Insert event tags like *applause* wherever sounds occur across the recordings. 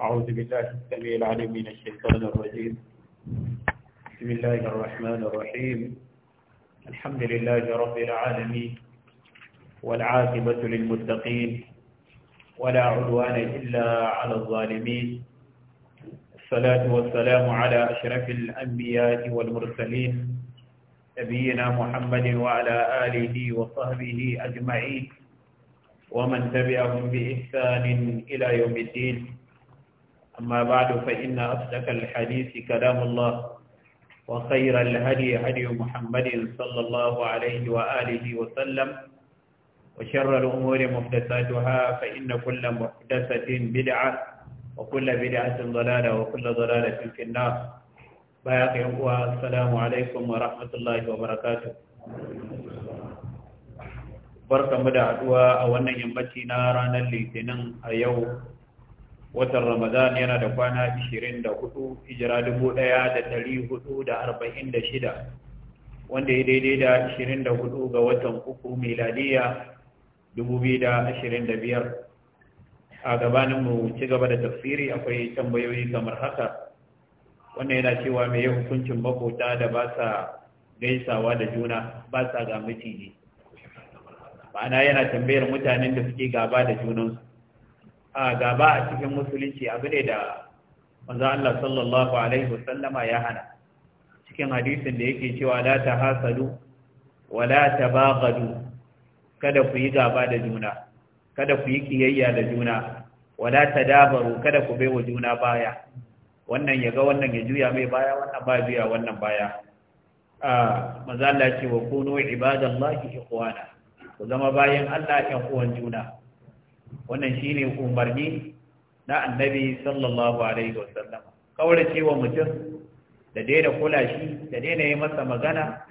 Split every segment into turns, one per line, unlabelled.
أعوذ بالله السميع العليم من الشيطان الرجيم بسم الله الرحمن الرحيم الحمد لله رب العالمين والعاقبة للمتقين ولا عدوان إلا على الظالمين الصلاة والسلام على أشرف الأنبياء والمرسلين نبينا محمد وعلى آله وصحبه أجمعين ومن تبعهم بإحسان إلى يوم الدين أما بعد فإن أصدق الحديث كلام الله وخير الهدي هدي محمد صلى الله عليه وآله وسلم وشر الأمور محدثاتها فإن كل محدثة بدعة وكل بدعة ضلالة وكل ضلالة في النار باقي السلام عليكم ورحمة الله وبركاته barka mu da haduwa a wannan yammaci watan ramadan yana da kwana 24 hijira 1446 wanda ya daidai da 24 ga watan uku miladiya 2025 a gabaninmu ci gaba da tafsiri akwai tambayoyi kamar haka wannan yana cewa mai yi hukuncin makota da ba sa gaisawa da juna ba sa ga miciji ma'ana yana tambayar mutanen da suke gaba da junansu a gaba a cikin musulunci abu ne da wanzu Allah sallallahu alaihi wasallama ya hana cikin hadisin da yake cewa la tahasadu wa la tabaghadu kada ku yi gaba da juna kada ku yi kiyayya da juna wa la dabaru kada ku baiwa juna baya wannan ya ga wannan ya juya mai baya wannan ba juya wannan baya a manzo Allah ce wa kunu ibadallahi ikhwana ku zama bayan Allah ƴan uwan juna wannan shi ne umarni na annabi sallallahu alaihi wasallam kaurace wa mutum da daina kula shi da daina yi masa magana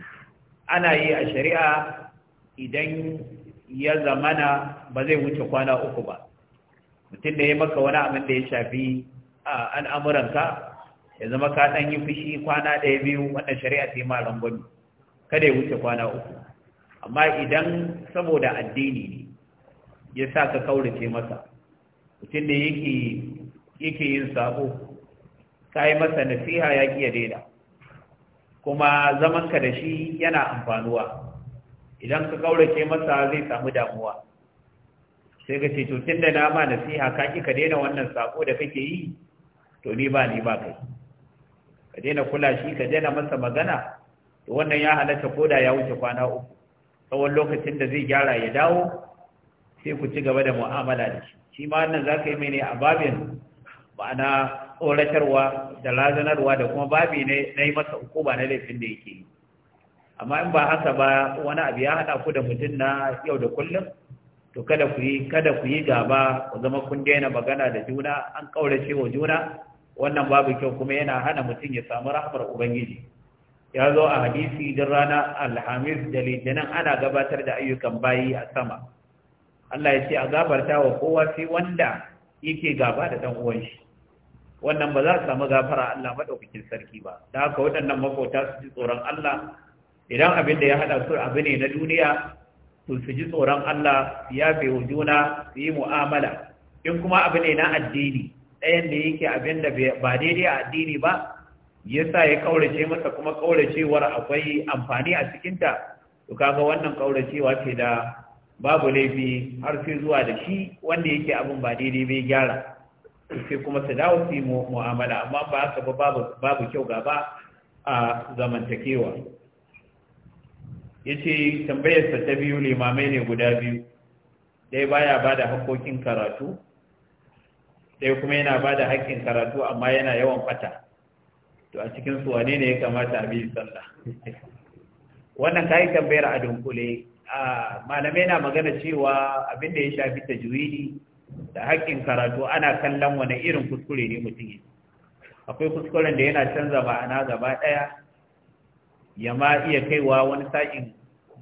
ana yi a shari'a idan ya zamana ba zai wuce kwana uku ba mutum da ya maka wani abin da ya shafi a al'amuranka ya zama ka ɗan yi fushi kwana ɗaya biyu wannan shari'a ta yi malam kada ya wuce kwana uku amma idan saboda addini ne ya sa ka kaurace masa mutum da yake yin sabo ka yi masa nasiha ya ƙi ya daina kuma zamanka da shi yana amfanuwa idan ka kaurace masa zai samu damuwa sai ka ce tutun da na ma nasiha ka ƙi ka daina wannan sabo da kake yi to ni ba ni ba kai ka daina kula shi ka daina masa magana to wannan ya halatta da ya wuce kwana uku tsawon lokacin da zai gyara ya dawo sai ku ci gaba da mu'amala da shi shi ma wannan za ka yi mai ne a babin ma'ana tsoratarwa da lazanarwa da kuma babi ne na yi masa uku ba na laifin da yake yi amma in ba haka ba wani abu ya haɗa ku da mutum na yau da kullum to kada ku yi kada ku yi gaba ku zama kun daina magana da juna an ƙaurace wa juna wannan babu kyau kuma yana hana mutum ya samu rahmar ubangiji ya zo a hadisi din rana alhamis da litinin ana gabatar da ayyukan bayi a sama Allah ya ce a gafarta wa kowa sai wanda yake gaba da dan uwan shi wannan ba za su samu gafara Allah madaukakin sarki ba da haka waɗannan makota su ji tsoron Allah idan abin da ya haɗa su abu ne na duniya to su ji tsoron Allah su yafe wa juna su yi mu'amala in kuma abu ne na addini ɗayan da yake abin da ba daidai a addini ba ya sa ya kaurace masa kuma kauracewar akwai amfani a cikinta to kaga wannan kauracewa ce da babu laifi har sai zuwa da shi wanda yake abin ba daidai bai gyara sai kuma su dawo su yi mu'amala amma ba haka ba babu kyau gaba a zamantakewa yace ce tambayarsa ta biyu limamai ne guda biyu dai baya ba da karatu dai kuma yana ba da haƙƙin karatu amma yana yawan fata to a cikin su wane ne ya kamata a bi sallah *laughs* wannan yi tambayar a dunkule malamai na magana cewa abin da ya shafi juyi da haƙƙin karatu ana kallon wani irin kuskure ne mutum yi akwai kuskuren da yana canza ma'ana gaba ɗaya ya ma iya kaiwa wani sa'in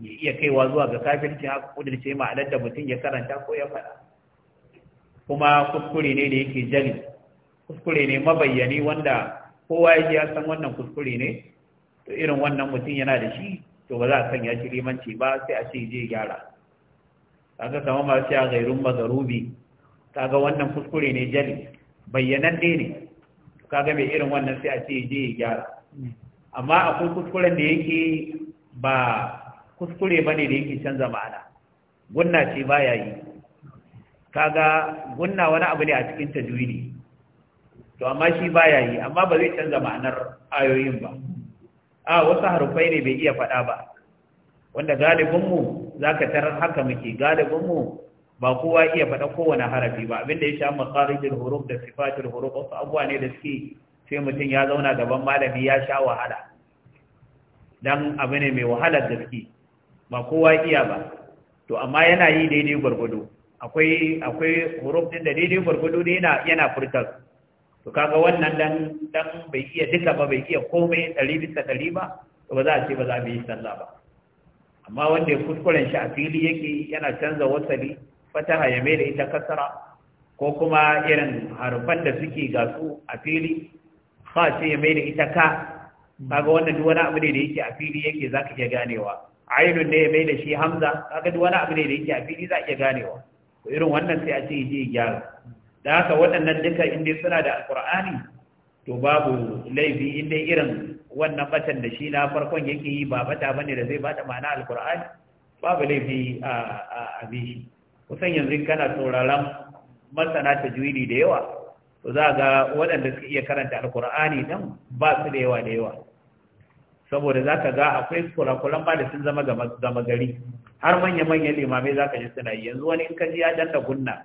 ya iya kaiwa zuwa ga kafirci haka kudirce ma'anar da mutum ya karanta ko ya faɗa kuma kuskure ne da yake jali kuskure ne mabayyani wanda kowa ya san wannan kuskure ne to irin wannan mutum yana da shi to ba za a sanya shi limanci ba sai a ce je gyara kaga kamar sai a gairun mazarubi kaga wannan kuskure ne jali bayyanan ne ne kaga mai irin wannan sai a ce je gyara amma akwai kuskuren da yake ba kuskure bane da yake canza ma'ana gunna ce ba ya yi kaga gunna wani abu ne a cikin tajwidi to amma shi ba ya yi amma ba zai canza ma'anar ayoyin ba a wasu harufai ne bai iya faɗa ba wanda galibinmu za ka tarar haka muke galibinmu ba kowa iya faɗa kowane harafi ba abinda ya sha makarijin huruf da sifatin huruf wasu abuwa ne da suke sai mutum ya zauna gaban malami ya sha wahala don abu ne mai wahalar da suke ba kowa iya ba to amma yana yi daidai gwargwado akwai akwai huruf din da daidai gwargwado ne yana yana furtar to kaga wannan dan dan bai iya duka ba bai iya komai ɗari bisa ɗari ba to ba za a ce ba za mu yi sallah ba amma wanda ya kuskuren shi a fili yake yana canza wasali fataha ya mai da ita kasara ko kuma irin harfan da suke gasu a fili kha ce ya mai da ita ka kaga wannan duk wani abu ne da yake a fili yake za ka iya ganewa ainihin ne ya mai da shi hamza kaga duk wani abu ne da yake a fili za iya ganewa irin wannan sai a ce je gyara da haka waɗannan duka inda suna da Alƙur'ani? to babu laifi inda irin wannan batan da shi na farkon yake yi ba bata bane da zai bata ma'ana Alƙur'ani? babu laifi a shi kusan yanzu kana sauraron masana ta juili da yawa to za ga waɗanda suka iya karanta Alƙur'ani dan ba su da yawa da yawa saboda za ka ga akwai kurakuran ba da sun zama gama gari har manya-manyan limamai za ka ji suna yi yanzu wani in ka ji ya danna gunna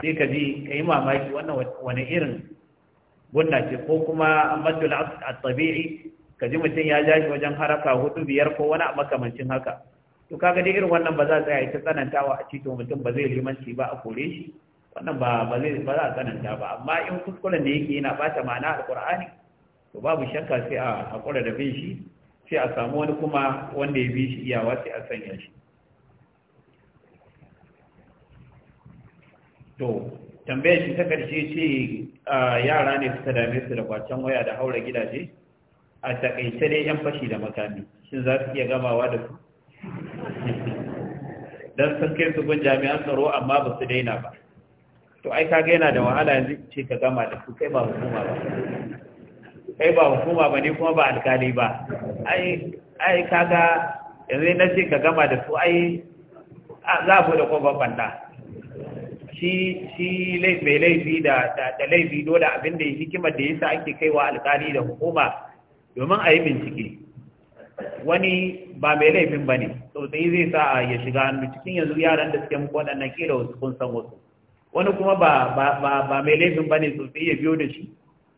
sai ka ji ka yi mamaki wannan wani irin gunna ce ko kuma maddul a tabii ka ji mutum ya ja wajen haraka hudu biyar ko wani a makamancin haka to kaga dai irin wannan ba za a tsaya ita tsanantawa a cikin mutum ba zai limanci ba a kore shi wannan ba zai ba za a tsananta ba amma in kuskuren da yake yana bata ma'ana alqur'ani to babu shakka sai a hakura da bin shi sai a samu wani kuma wanda ya bi shi iyawa sai a sanya shi to tambayar shi ta karshe ce yara ne suka dame su da kwacen waya da haura gidaje a takaice dai yan fashi da makami shin za su iya gamawa da su *laughs* don sun kai su gun jami'an tsaro amma ba su daina ba to ai kaga yana da wahala yanzu ce ka gama da su kai ba hukuma ba kai ba hukuma ba ne kuma ba alkali ba ai kaga yanzu na ce ka gama da su ai za a bude kofar banda shi mai laifi da laifi dole abin da ya hikimar da yasa ake kai wa alkali da hukuma domin a yi bincike wani ba mai laifin ba ne tsautsayi zai sa ya shiga hannu cikin yanzu yaran da suke muku waɗannan kila wasu kun san wasu wani kuma ba mai laifin ba ne tsautsayi ya biyo da shi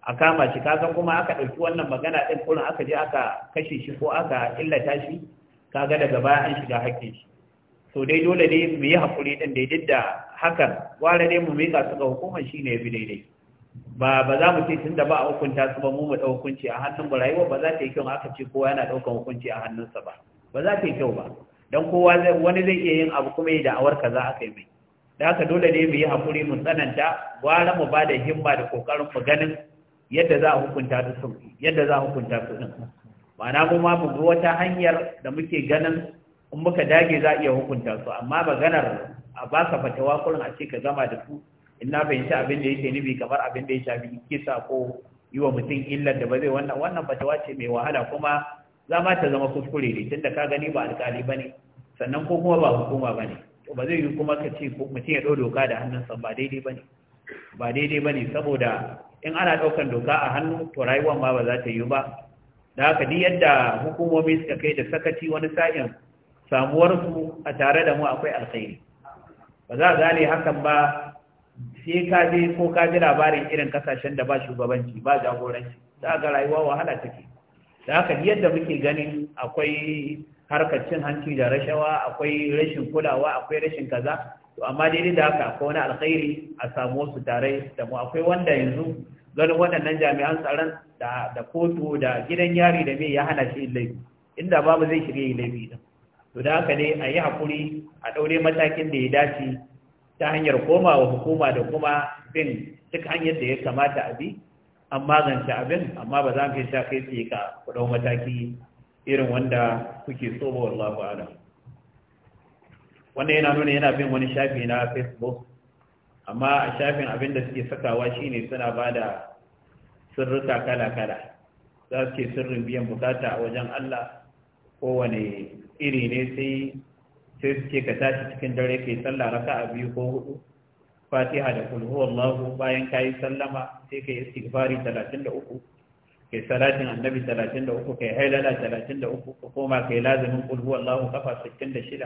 a kama shi kaga kuma aka ɗauki wannan magana ɗin kurin aka je aka kashe shi ko aka illata shi kaga daga baya an shiga hakkin shi so dai dole ne mu yi haƙuri ɗin daidai da hakan ware ne mu miƙa su ga hukumar shi ne ya fi daidai ba ba za mu ce tun da ba a hukunta su ba mu mu ɗau hukunci a hannun ba. rayuwa ba za ta yi kyau aka ce kowa yana ɗaukan hukunci a hannunsa ba ba za ta yi kyau ba don kowa wani zai iya yin abu kuma da da'awar kaza aka yi mai da haka dole ne mu yi haƙuri mu tsananta gwara mu ba da himma da ƙoƙarin mu ganin yadda za a hukunta su yadda za a hukunta su din ma'ana mu ma mu bi wata hanyar da muke ganin in muka dage za a iya hukunta su amma maganar a ba ka fatawa kurin a ce ka gama da su in na fahimci abin da yake nufi kamar abin da ya shafi kisa ko yi wa mutum illar da ba zai wannan wannan fatawa ce mai wahala kuma za ma ta zama kuskure ne tunda ka gani ba alkali ba ne sannan ko kuma ba hukuma ba ne to ba zai yi kuma ka ce mutum ya ɗau doka da hannunsa ba daidai ba ne ba daidai ba ne saboda in ana ɗaukan doka a hannu to rayuwar ma ba za ta yi ba da haka ni yadda hukumomi suka kai da sakaci wani sa'in samuwarsu a tare da mu akwai alkhairi ba za a gane hakan ba sai ka je ko ka ji labarin irin kasashen da ba shugabanci ba jagoranci za ga rayuwa wahala take da haka yadda muke ganin akwai harkar cin hanci da rashawa akwai rashin kulawa akwai rashin kaza to amma daidai da haka akwai wani alkhairi a samu wasu tare da mu akwai wanda yanzu ganin waɗannan jami'an tsaron da kotu da gidan yari da me ya hana shi laifi inda babu zai yi laifi din to da haka dai a yi hakuri a ɗaure matakin da ya dace ta hanyar komawa hukuma da kuma bin duk hanyar da ya kamata a bi an magance abin amma ba za mu sha kai tsaye ka ku ɗau mataki irin wanda kuke so ba wallahu alam wannan yana nuna yana bin wani shafi na facebook amma a shafin abin da suke sakawa shine suna ba da sirrika kala-kala za su ke sirrin biyan bukata a wajen allah kowane iri ne sai sai suke ka tashi cikin dare kai sallah raka a biyu ko hudu fatiha da kul huwallahu bayan kayi sallama sai kai istighfari 33 kai salatin annabi 33 kai hailala 33 ka koma kai lazimin kul huwallahu kafa 66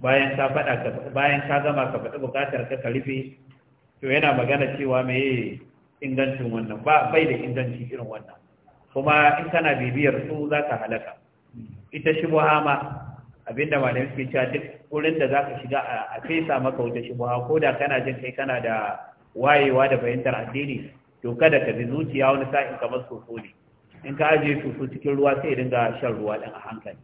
bayan ka fada ka bayan ka gama ka fada bukatar ka ka rufe to yana magana cewa meye ingancin wannan ba bai da inganci irin wannan kuma in kana bibiyar su zaka halaka ita shi ma abinda malamai suke cewa duk wurin da za ka shiga a fesa maka wata buha ko da kana jin kai kana da wayewa da fahimtar addini to kada ka bi zuciya wani sa'in kamar soso ne in ka ajiye soso cikin ruwa sai dinga shan ruwa din a hankali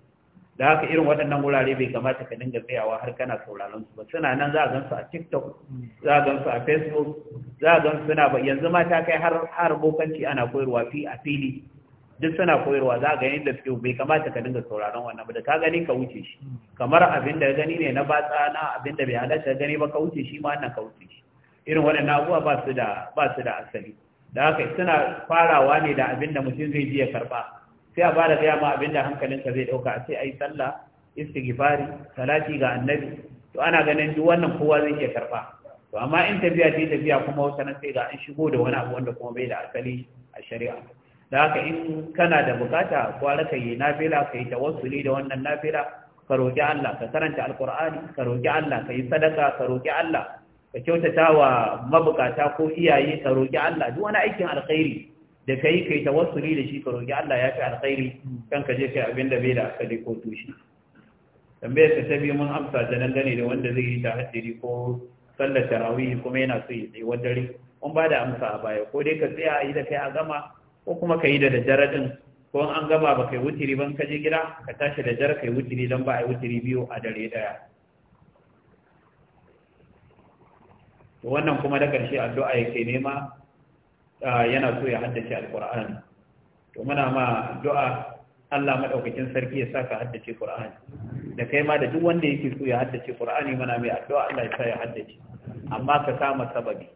da haka irin waɗannan wurare bai kamata ka dinga tsayawa har kana sauraron su ba suna nan za a gan su a TikTok za a gan su a Facebook za a gan su suna ba yanzu ma ta kai har har bokanci ana koyarwa fi a fili duk suna koyarwa za a gani da suke bai kamata ka dinga sauraron wannan ba da ka gani ka wuce shi kamar abin da gani ne na batsa na abin da bai halatta gani ba ka wuce shi ma wannan ka wuce shi irin waɗannan abubuwa ba su da ba su da asali da haka suna farawa ne da abin da mutum zai ji ya karba sai a ba da gaya ma abin da hankalinka zai ɗauka a ce yi sallah istighfari salati ga annabi to ana ganin duk wannan kowa zai iya karba to amma in tafiya ce tafiya kuma wata sai ga an shigo da wani abu wanda kuma bai da asali a shari'a da haka in kana da bukata kwara ka yi nafila ka yi tawassuli da wannan nafila ka roƙi Allah ka karanta alkur'ani ka roƙi Allah ka yi sadaka ka roƙi Allah ka kyautata wa mabukata ko iyaye ka roƙi Allah duk wani aikin alkhairi da kai kai tawassuli da shi ka roƙi Allah ya fi alkhairi kan ka je kai abin da bai da asali ko tushi tambayar ka ta mun amsa da nan gane da wanda zai yi ta haddiri ko sallar tarawih kuma yana so ya tsaye dare mun ba da amsa a baya ko dai ka tsaya a yi da kai a gama ko kuma ka yi da daddare din ko an gama ba kai wutiri ban ka je gida ka tashi da jar kai wutiri don ba a yi wutiri biyu a dare daya wannan kuma da ƙarshe addu'a yake nema yana so ya haddace alƙur'ani to muna ma addu'a Allah madaukakin sarki ya saka haddace Qur'ani da kai ma da duk wanda yake so ya haddace Qur'ani muna mai addu'a Allah ya sa ya haddace amma ka kama sababi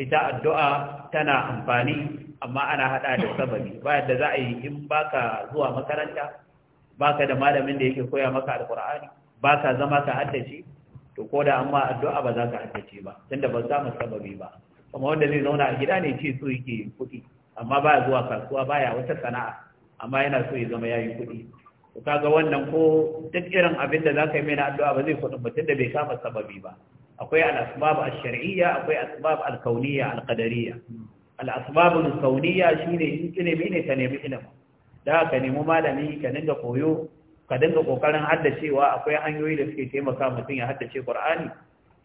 ita addu'a tana amfani amma ana hada da sababi ba da za a yi in baka zuwa makaranta baka da malamin da yake koya maka alkur'ani baka zama ka haddace to ko da amma addu'a ba za ka haddace ba tunda ba mu sababi ba kuma wanda zai zauna a gida ne ce so yake kuɗi amma baya zuwa kasuwa baya wata sana'a amma yana so ya zama yayi kuɗi to kaga wannan ko duk irin abin da zaka yi mai na addu'a ba zai kuɗin ba tunda bai kama sababi ba akwai al-asbab al shariyya akwai asbab al-kauniyya al-qadariyya al'asbabul shi shine in ilimi ne ka nemi ilimi da ka nemi malami ka dinga koyo ka dinga kokarin haddacewa akwai hanyoyi da suke taimaka mutum ya haddace Qur'ani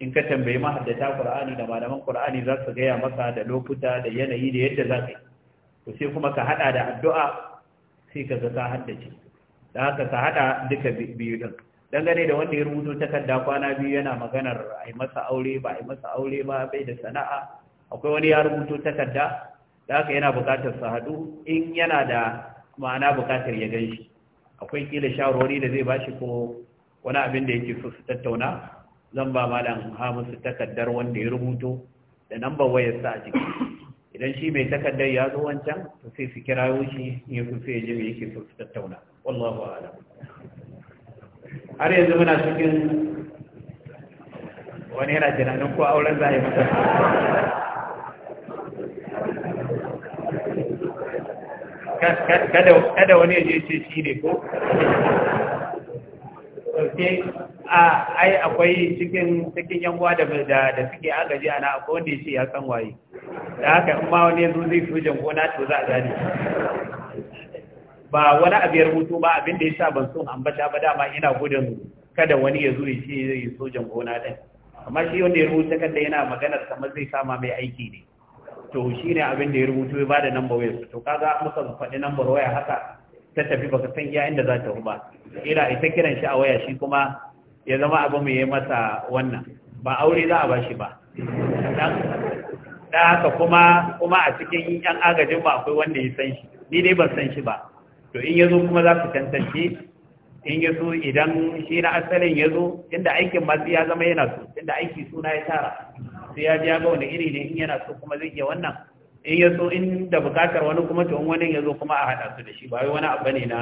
in ka tambayi mahaddata Qur'ani da malaman Qur'ani za su gaya maka da lokuta da yanayi da yadda za ka yi to sai kuma ka hada da addu'a sai ka ga haddace da haka ka hada duka biyu din dangane da wanda ya rubuto takarda kwana biyu yana maganar a yi masa aure ba a yi masa aure ba bai da sana'a akwai wani ya rubuto takarda da haka yana bukatar su haɗu in yana da ma'ana bukatar ya gan shi akwai kila shawarwari da zai bashi ko wani abin da yake so su tattauna zan ba malam su takardar wanda ya rubuto da nambar sa a ciki idan shi mai takardar ya zo wancan to sai su kirawo shi ya kusa ya je mai yake so su tattauna wallahu a'lam har yanzu muna cikin wani yana tunanin ko auren za a yi masa kada wani ya je ce shi ne ko sauke a ai akwai cikin cikin yanwa da da suke agaji ana akwai wanda ya ce ya san waye da haka in ma wani yanzu zai sojan gona to za a gane ba wani abiyar mutu rubutu ba abin da ya sa ban son ambata ba dama ina gudun kada wani ya zo ya ce zai sojan gona din amma shi wanda ya rubuta kan da yana maganar kamar zai kama mai aiki ne to shi ne abin da ya rubutu ya bada number waya to kaga muka faɗi number waya haka ta tafi baka san iya inda za ta ruba ila ita kiran shi a waya shi kuma ya zama abu mai yi masa wannan ba aure za a ba shi ba da haka kuma kuma a cikin yan agajin ba akwai wanda ya san shi ni dai ban san shi ba to in yazo kuma za ku tantance in yazo idan shi na asalin yazo inda aikin masu ya zama yana so inda aiki suna ya tara sai ya biya ga wani iri ne in yana so kuma zai iya wannan in ya so in da bukatar wani kuma to wani ya zo kuma a haɗa su da shi ba wai wani abu ne na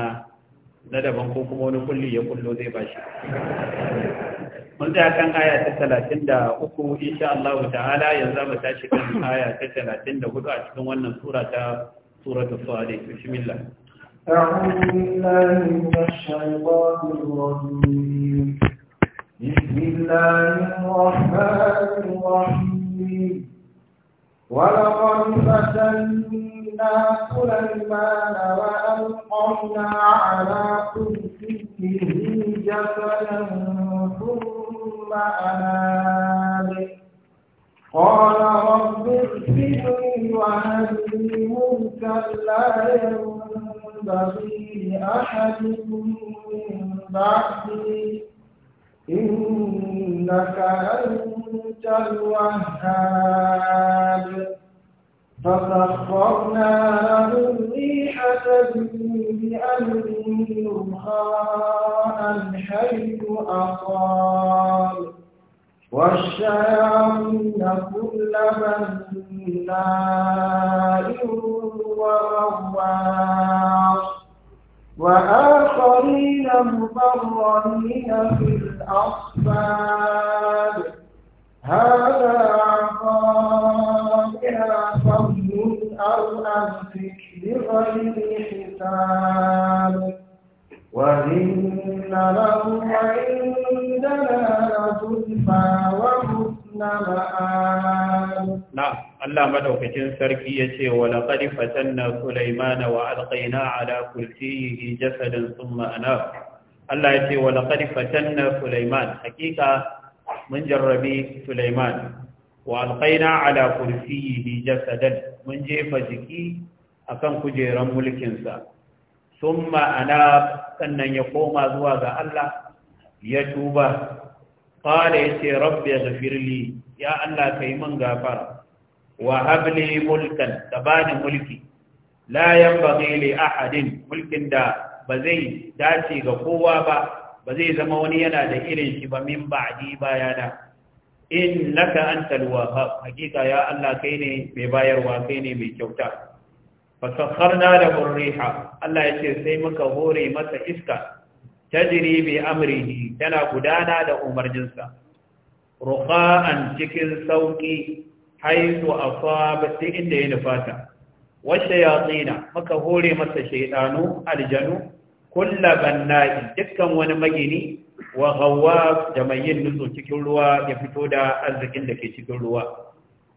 na daban ko kuma wani kulli ya kullo zai ba shi mun tsaya kan aya ta talatin da uku insha Allah ta'ala yanzu mu tashi kan aya ta talatin da hudu a cikin wannan sura ta suratu sa'adi bismillah
أعوذ بالله من الشيطان الرجيم بسم الله الرحمن الرحيم ولقد فتنا سليمان وألقينا على كرسيه جسدا ثم أناب قال رب اغفرني وهب لي ملكا لا ينبغي لأحد من بعدي إنك أنت الوهاب فسخرنا له الريح تجري بأمره رخاء حيث أصاب والشياطين كل بناء وغواص وآخرين مقرنين في الأصفاد هذا عطائنا فضل أو أمسك بغير حساب وإن له عندنا لزلفى وحسن مآب
نعم Allah madaukakin sarki ya ce wa laqad fatanna Sulaimana wa alqaina ala kullihi jasadan thumma anaba Allah ya ce wa laqad fatanna Sulaiman hakika mun jarrabi Sulaiman wa alqaina ala kursiyyihi jasadan mun jefa jiki akan kujeran mulkinsa thumma ana sannan ya koma zuwa ga Allah ya tuba qala yace rabbi ighfirli ya Allah kai mun gafara wa habli mulkan tabani mulki la yanbaghi li ahadin mulkin da ba zai dace ga kowa ba ba zai zama wani yana da irin shi ba min ba ba'di bayana in naka antal wahhab hakika ya Allah kai ne mai bayarwa kai ne mai kyauta sakharna da burriha Allah ya ce sai muka hore masa iska tajri bi amrihi tana gudana da umarninsa ruqa'an cikin sauki haitu asaba sai inda ya nufata washayatina maka hore masa shaydanu aljanu kulla banna'i dukkan wani magini wa hawa da mai yin nutso cikin ruwa ya fito da arzikin da ke cikin ruwa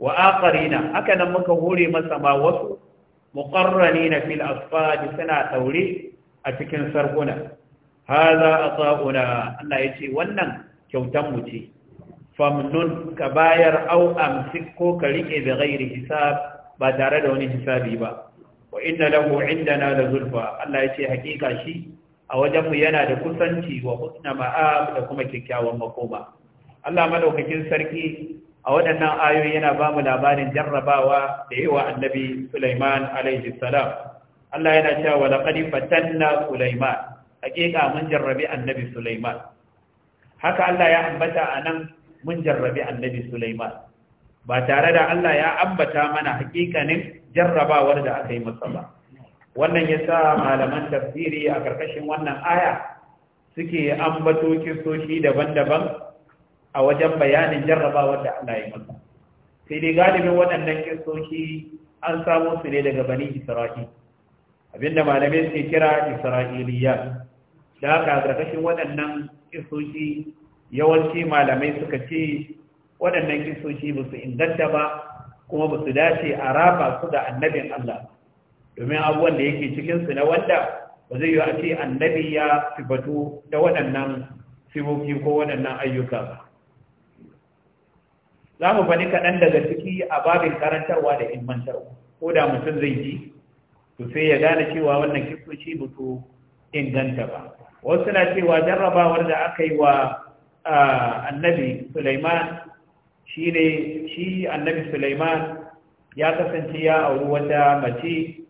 wa akarina haka nan muka hore masa ma wasu muqarrani na fil asfadi suna taure a cikin sarkuna haza Ana Allah yace wannan kyautan mu ce famnun ka bayar au amsik ko ka riƙe da gairi hisab ba tare da wani hisabi ba wa inna lahu indana la zulfa Allah yace hakika shi a wajen mu yana da kusanci wa husna ma'ab da kuma kikkiawan makoma Allah madaukakin sarki a waɗannan ayoyi yana ba mu labarin jarrabawa da yawa annabi Sulaiman alaihi salam Allah yana cewa laqad fatanna Sulaiman hakika mun jarrabi annabi Sulaiman haka Allah ya ambata anan mun jarrabi annabi Sulaiman ba tare da Allah ya ambata mana hakikanin jarrabawar da aka yi masa ba wannan ya sa malaman tafsiri a ƙarƙashin wannan aya suke ambato kisoshi daban-daban a wajen bayanin jarrabawar da Allah ya masa sai dai galibin waɗannan kisoshi an samu su ne daga bani isra'il abinda malamai suke kira isra'iliya da aka ƙarƙashin waɗannan kisoshi yawanci malamai suka ce waɗannan kisoshi ba su inganta ba kuma ba su dace a raba su da annabin Allah domin abubuwan da yake cikinsu na wanda ba zai yi a ce annabi ya sifatu da waɗannan sifofi ko waɗannan ayyuka ba za mu faɗi kaɗan daga ciki a babin karantarwa da ilmantarwa ko da mutum zai ji to sai ya gane cewa wannan kifoci ba su inganta ba wasu na cewa jarrabawar da aka yi wa ah, annabi Sulaiman shi ne shi annabi Sulaiman ya kasance ya auri wata mace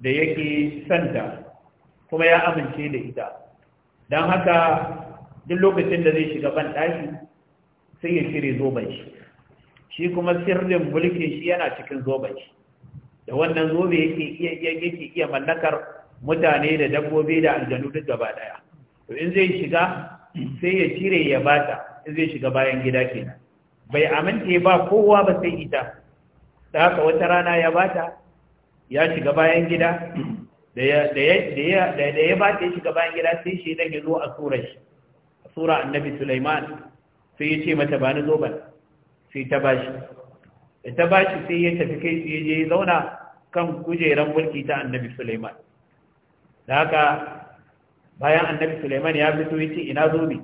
da yake santa kuma ya amince da ita don haka duk lokacin da zai shiga ban ɗaki sai ya cire zoben shi shi kuma sirrin mulkin shi yana cikin zoben shi da wannan zobe yake iya mallakar mutane da dabbobi da aljanu duk gaba ɗaya to in zai shiga sai ya cire ya bata in zai shiga bayan gida kenan bai amince ba kowa ba sai ita da haka wata rana ya bata ya shiga bayan gida da ya bata ya shiga bayan gida sai shi dan ya zo a surar shi a sura annabi Suleiman sai ya ce mata ba ni ba sai ta bashi da ta bashi sai ya tafi kai sai ya je zauna kan kujeran mulki ta annabi Suleiman. da haka bayan annabi Suleiman ya fito ya ce ina zobe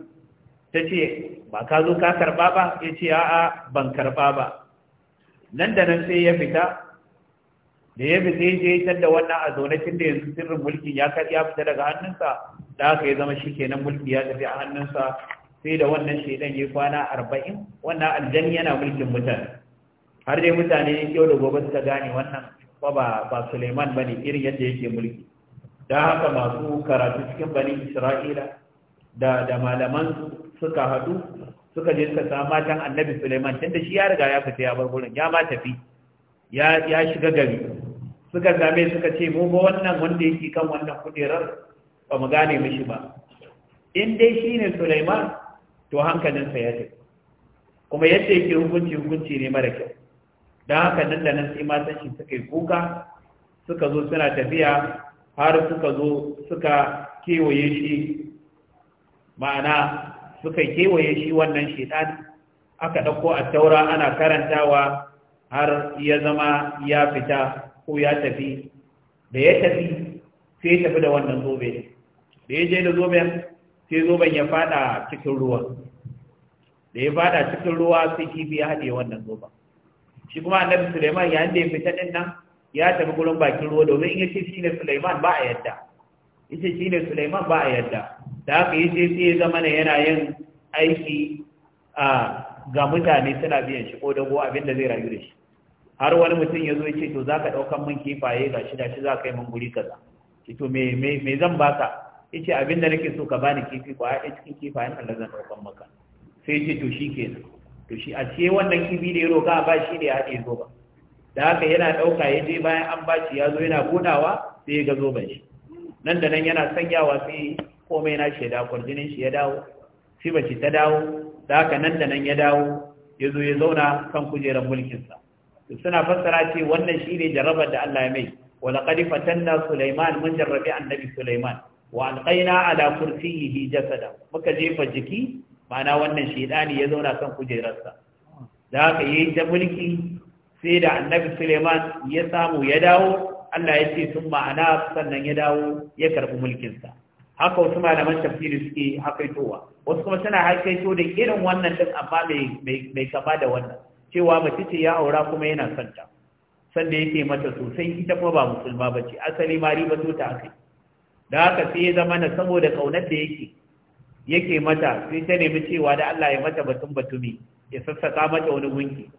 ta ce ba ka zo ka karba ba ya ce a'a ban karba ba nan da nan sai ya fita da ya fita ya je da wannan a zaune tun da yanzu sirrin mulki ya karya fita daga hannunsa da aka ya zama shi shikenan mulki ya tafi a hannunsa sai da wannan shaidan ya kwana arba'in wannan aljan yana mulkin mutane har dai mutane yau da gobe suka gane wannan ba ba Suleiman ba ne irin yadda yake mulki da haka masu karatu cikin bani Isra'ila da da suka haɗu suka je suka samu matan annabi Suleiman tunda shi ya riga ya fita ya bar gurin ya ma tafi ya shiga gari suka same suka ce mu ba wannan wanda yake kan wannan kujerar ba mu gane mishi ba in dai shi ne Suleiman to hankalinsa ya tafi kuma yadda yake hukunci hukunci ne mara kyau don haka nan da nan sai masan shi suka yi kuka suka zo suna tafiya har suka zo suka kewaye shi ma'ana suka kewaye shi wannan shaitan aka ɗauko a taura ana karantawa har ya zama ya fita ko ya tafi da ya tafi sai ya tafi da wannan zobe da ya je da zoben sai zoben ya fada cikin ruwa da ya fada cikin ruwa sai kifi ya haɗe wannan zobe. shi kuma annabi suleiman ya da ya fita din nan ya tafi gurin bakin ruwa domin in ya ce shi ne suleiman ba a yadda ce shi ne suleiman ba a yadda da aka yi sai sai ya zama na yana yin aiki a ga mutane suna biyan shi ko dago abin da zai rayu da shi har wani mutum ya zo ya ce to za ka ɗaukan min kifaye ga shi da shi za ka yi min guri kaza ce to me zan baka ya ce abin da nake so ka bani kifi ko a cikin kifayen Allah zan ɗaukan maka sai ya ce to shi kenan to shi a ce wannan kifi da ya roƙa ba shi ne ya haɗe zo ba da haka yana ɗauka ya je bayan an ba shi ya zo yana buɗawa sai ya ga zoben shi nan da nan yana sanyawa sai komai na shi ya dawo kwarjinin shi ya dawo Shi shi ta dawo da haka nan da nan ya dawo ya zo ya zauna kan kujerar mulkinsa suna fassara ce wannan shi ne jarabar da Allah ya mai laqad fatanna Sulaiman mun jarrabi annabi Sulaiman wa alqaina ala kursiyihi jasada muka jefa jiki ma'ana wannan shedani ya zauna kan kujerarsa da haka yayi ta mulki sai da annabi Sulaiman ya samu ya dawo Allah ya ce sun ma'ana sannan ya dawo ya karbi mulkinsa haka wasu malaman tafsiri suke hakaitowa wasu kuma suna hakaito da irin wannan din amma mai kama da wannan cewa mace ce ya aura kuma yana son ta da yake mata sosai ita kuma ba musulma bace asali ma riba so ta akai da haka sai ya zama na saboda kaunar da yake yake mata sai ta nemi cewa da Allah ya mata batun batumi ya sassaka mata wani gunki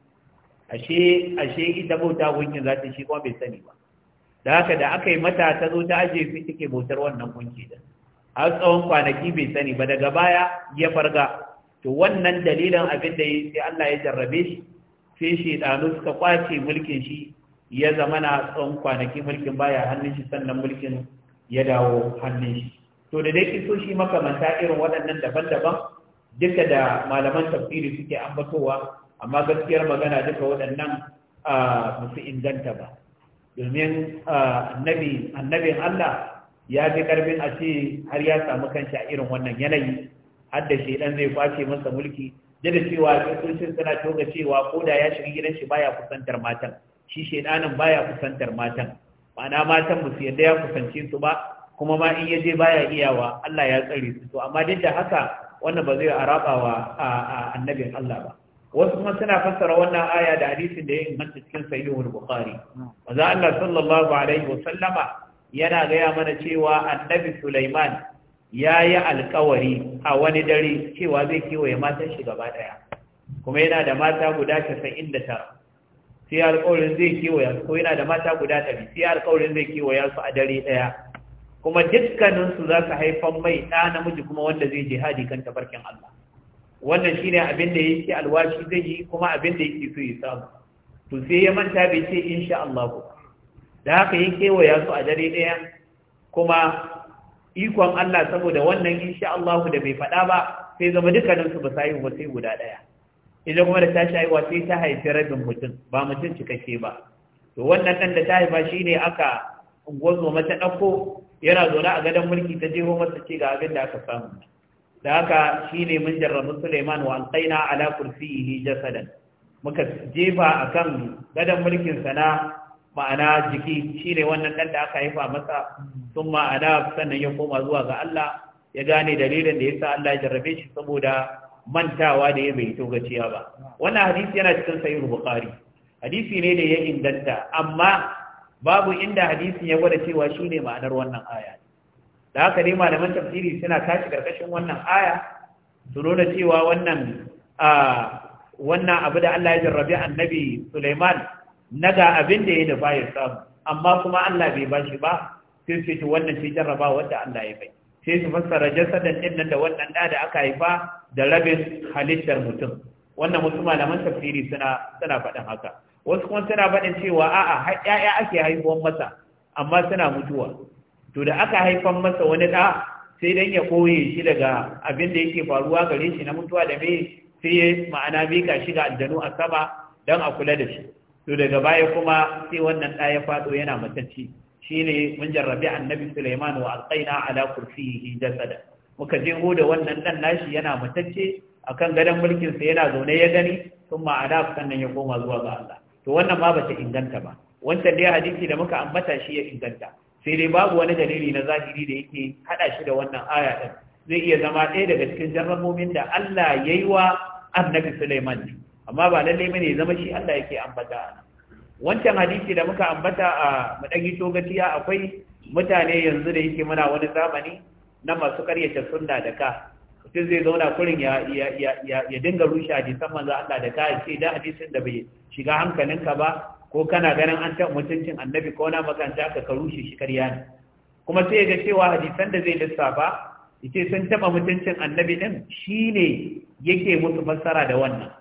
ashe ashe ita bauta gunkin za ta shi kuma bai sani ba da haka da aka yi mata ta zo ta aje sai take bautar wannan gunki da a tsawon kwanaki bai sani ba daga baya ya farga to wannan dalilin abin da sai Allah ya jarrabe shi sai shedanu suka kwace mulkin shi ya zama na tsawon kwanaki mulkin baya hannun shi sannan mulkin ya dawo hannun shi to da dai shi makamanta irin waɗannan daban-daban duka da malaman tafsiri suke ambatowa amma gaskiyar magana duka waɗannan ah, ba su inganta ba domin ah, annabin Allah ya fi karfin a ce har ya samu kanshi a irin wannan yanayi har da shedan zai kwace masa mulki da da cewa kiristocin suna toga cewa ko da ya shiga gidan shi baya kusantar matan shi shedanin baya kusantar matan ma'ana matan ba su yadda ya kusance su ba kuma ma in yaje baya iyawa Allah ya tsare su to amma duk da haka wannan ba zai araba wa annabin Allah ba wasu kuma suna fassara wannan aya da hadisin da ya inganta cikin sahihul bukhari maza Allah sallallahu alaihi wa sallama yana gaya mana cewa annabi Sulaiman ya yi alkawari a wani dare cewa zai kewaye matan shi gaba ɗaya kuma yana da mata guda casa'in da tara sai alkawarin zai kewaya ko yana da mata guda ɗari sai alkawarin zai kewaya su a dare ɗaya kuma dukkaninsu za su haifan mai ɗa namiji kuma wanda zai jihadi kan tabarkin Allah wannan shine abin da yake alwashi zai yi kuma abin da yake so ya samu to sai ya manta bai ce insha Allah ko da haka yin kewaya su a dare ɗaya kuma ikon Allah saboda wannan insha Allahu da bai faɗa ba sai zama dukkanin su ba sai ba sai guda ɗaya idan kuma da ta shi sai ta haifi rabin mutum ba mutum cikakke ba to wannan ɗan da ta haifa shi ne aka gwazo mata ɗauko yana zaune a gadon mulki ta jeho masa ce ga abin da aka samu da haka ne mun jarrabu Suleiman wa alqaina ala kursiyihi jasadan muka jefa a kan gadon mulkin sana ma'ana jiki shine wannan dan da aka haifa masa sun ma'ana sannan ya koma zuwa ga Allah ya gane dalilin da yasa Allah ya jarrabe shi saboda mantawa da ya bai to gaciya ba wannan hadisi yana cikin sahih bukhari hadisi ne da ya inganta amma babu inda hadisin ya gwada cewa shine ma'anar wannan aya da haka ne malaman tafsiri suna tashi karkashin wannan aya su nuna cewa wannan ah, wannan abu da Allah ya jarrabe annabi Sulaiman na ga abin da ya ba ya samu amma kuma Allah bai ba shi ba sai su ce wannan ce jarraba wanda Allah ya bai sai su fassara jasadan din nan da wannan da da aka haifa da rabin halittar mutum wannan wasu malaman tafsiri suna suna faɗin haka wasu kuma suna faɗin cewa a'a ƴaƴa ake haihuwan masa amma suna mutuwa to da aka haifan masa wani da sai dan ya koye shi daga abin da yake faruwa gare shi na mutuwa da me sai ma'ana mika shi ga aljanu a sama dan a kula da shi to daga baya kuma sai wannan ɗa ya faɗo yana matacci shine mun jarrabi annabi Sulaiman wa alqaina ala kursiyihi jasada muka je da wannan dan nashi yana matacce akan gadon mulkin sa yana zaune ya gani thumma ala sannan ya koma zuwa ga Allah to wannan ma bata inganta ba wancan dai hadisi da muka ambata shi ya inganta sai dai babu wani dalili na zahiri da yake hada shi da wannan aya din zai iya zama ɗaya daga cikin jarrabomin da Allah ya yi wa annabi Sulaiman amma ba lalle bane zama shi Allah yake ambata wancan hadisi da muka ambata a madagi togatiya akwai mutane yanzu da yake muna wani zamani na masu karyata sunna da ka mutum zai zauna kurin ya ya dinga rushe hadisan manzo Allah da ka ce da hadisin da bai shiga hankalinka ba ko kana ganin an ta mutuncin annabi ko na makanta ka ka rushe shi karya ne kuma sai ya ga cewa hadisan da zai lissafa yace sun taba mutuncin annabi din shine yake musu fassara da wannan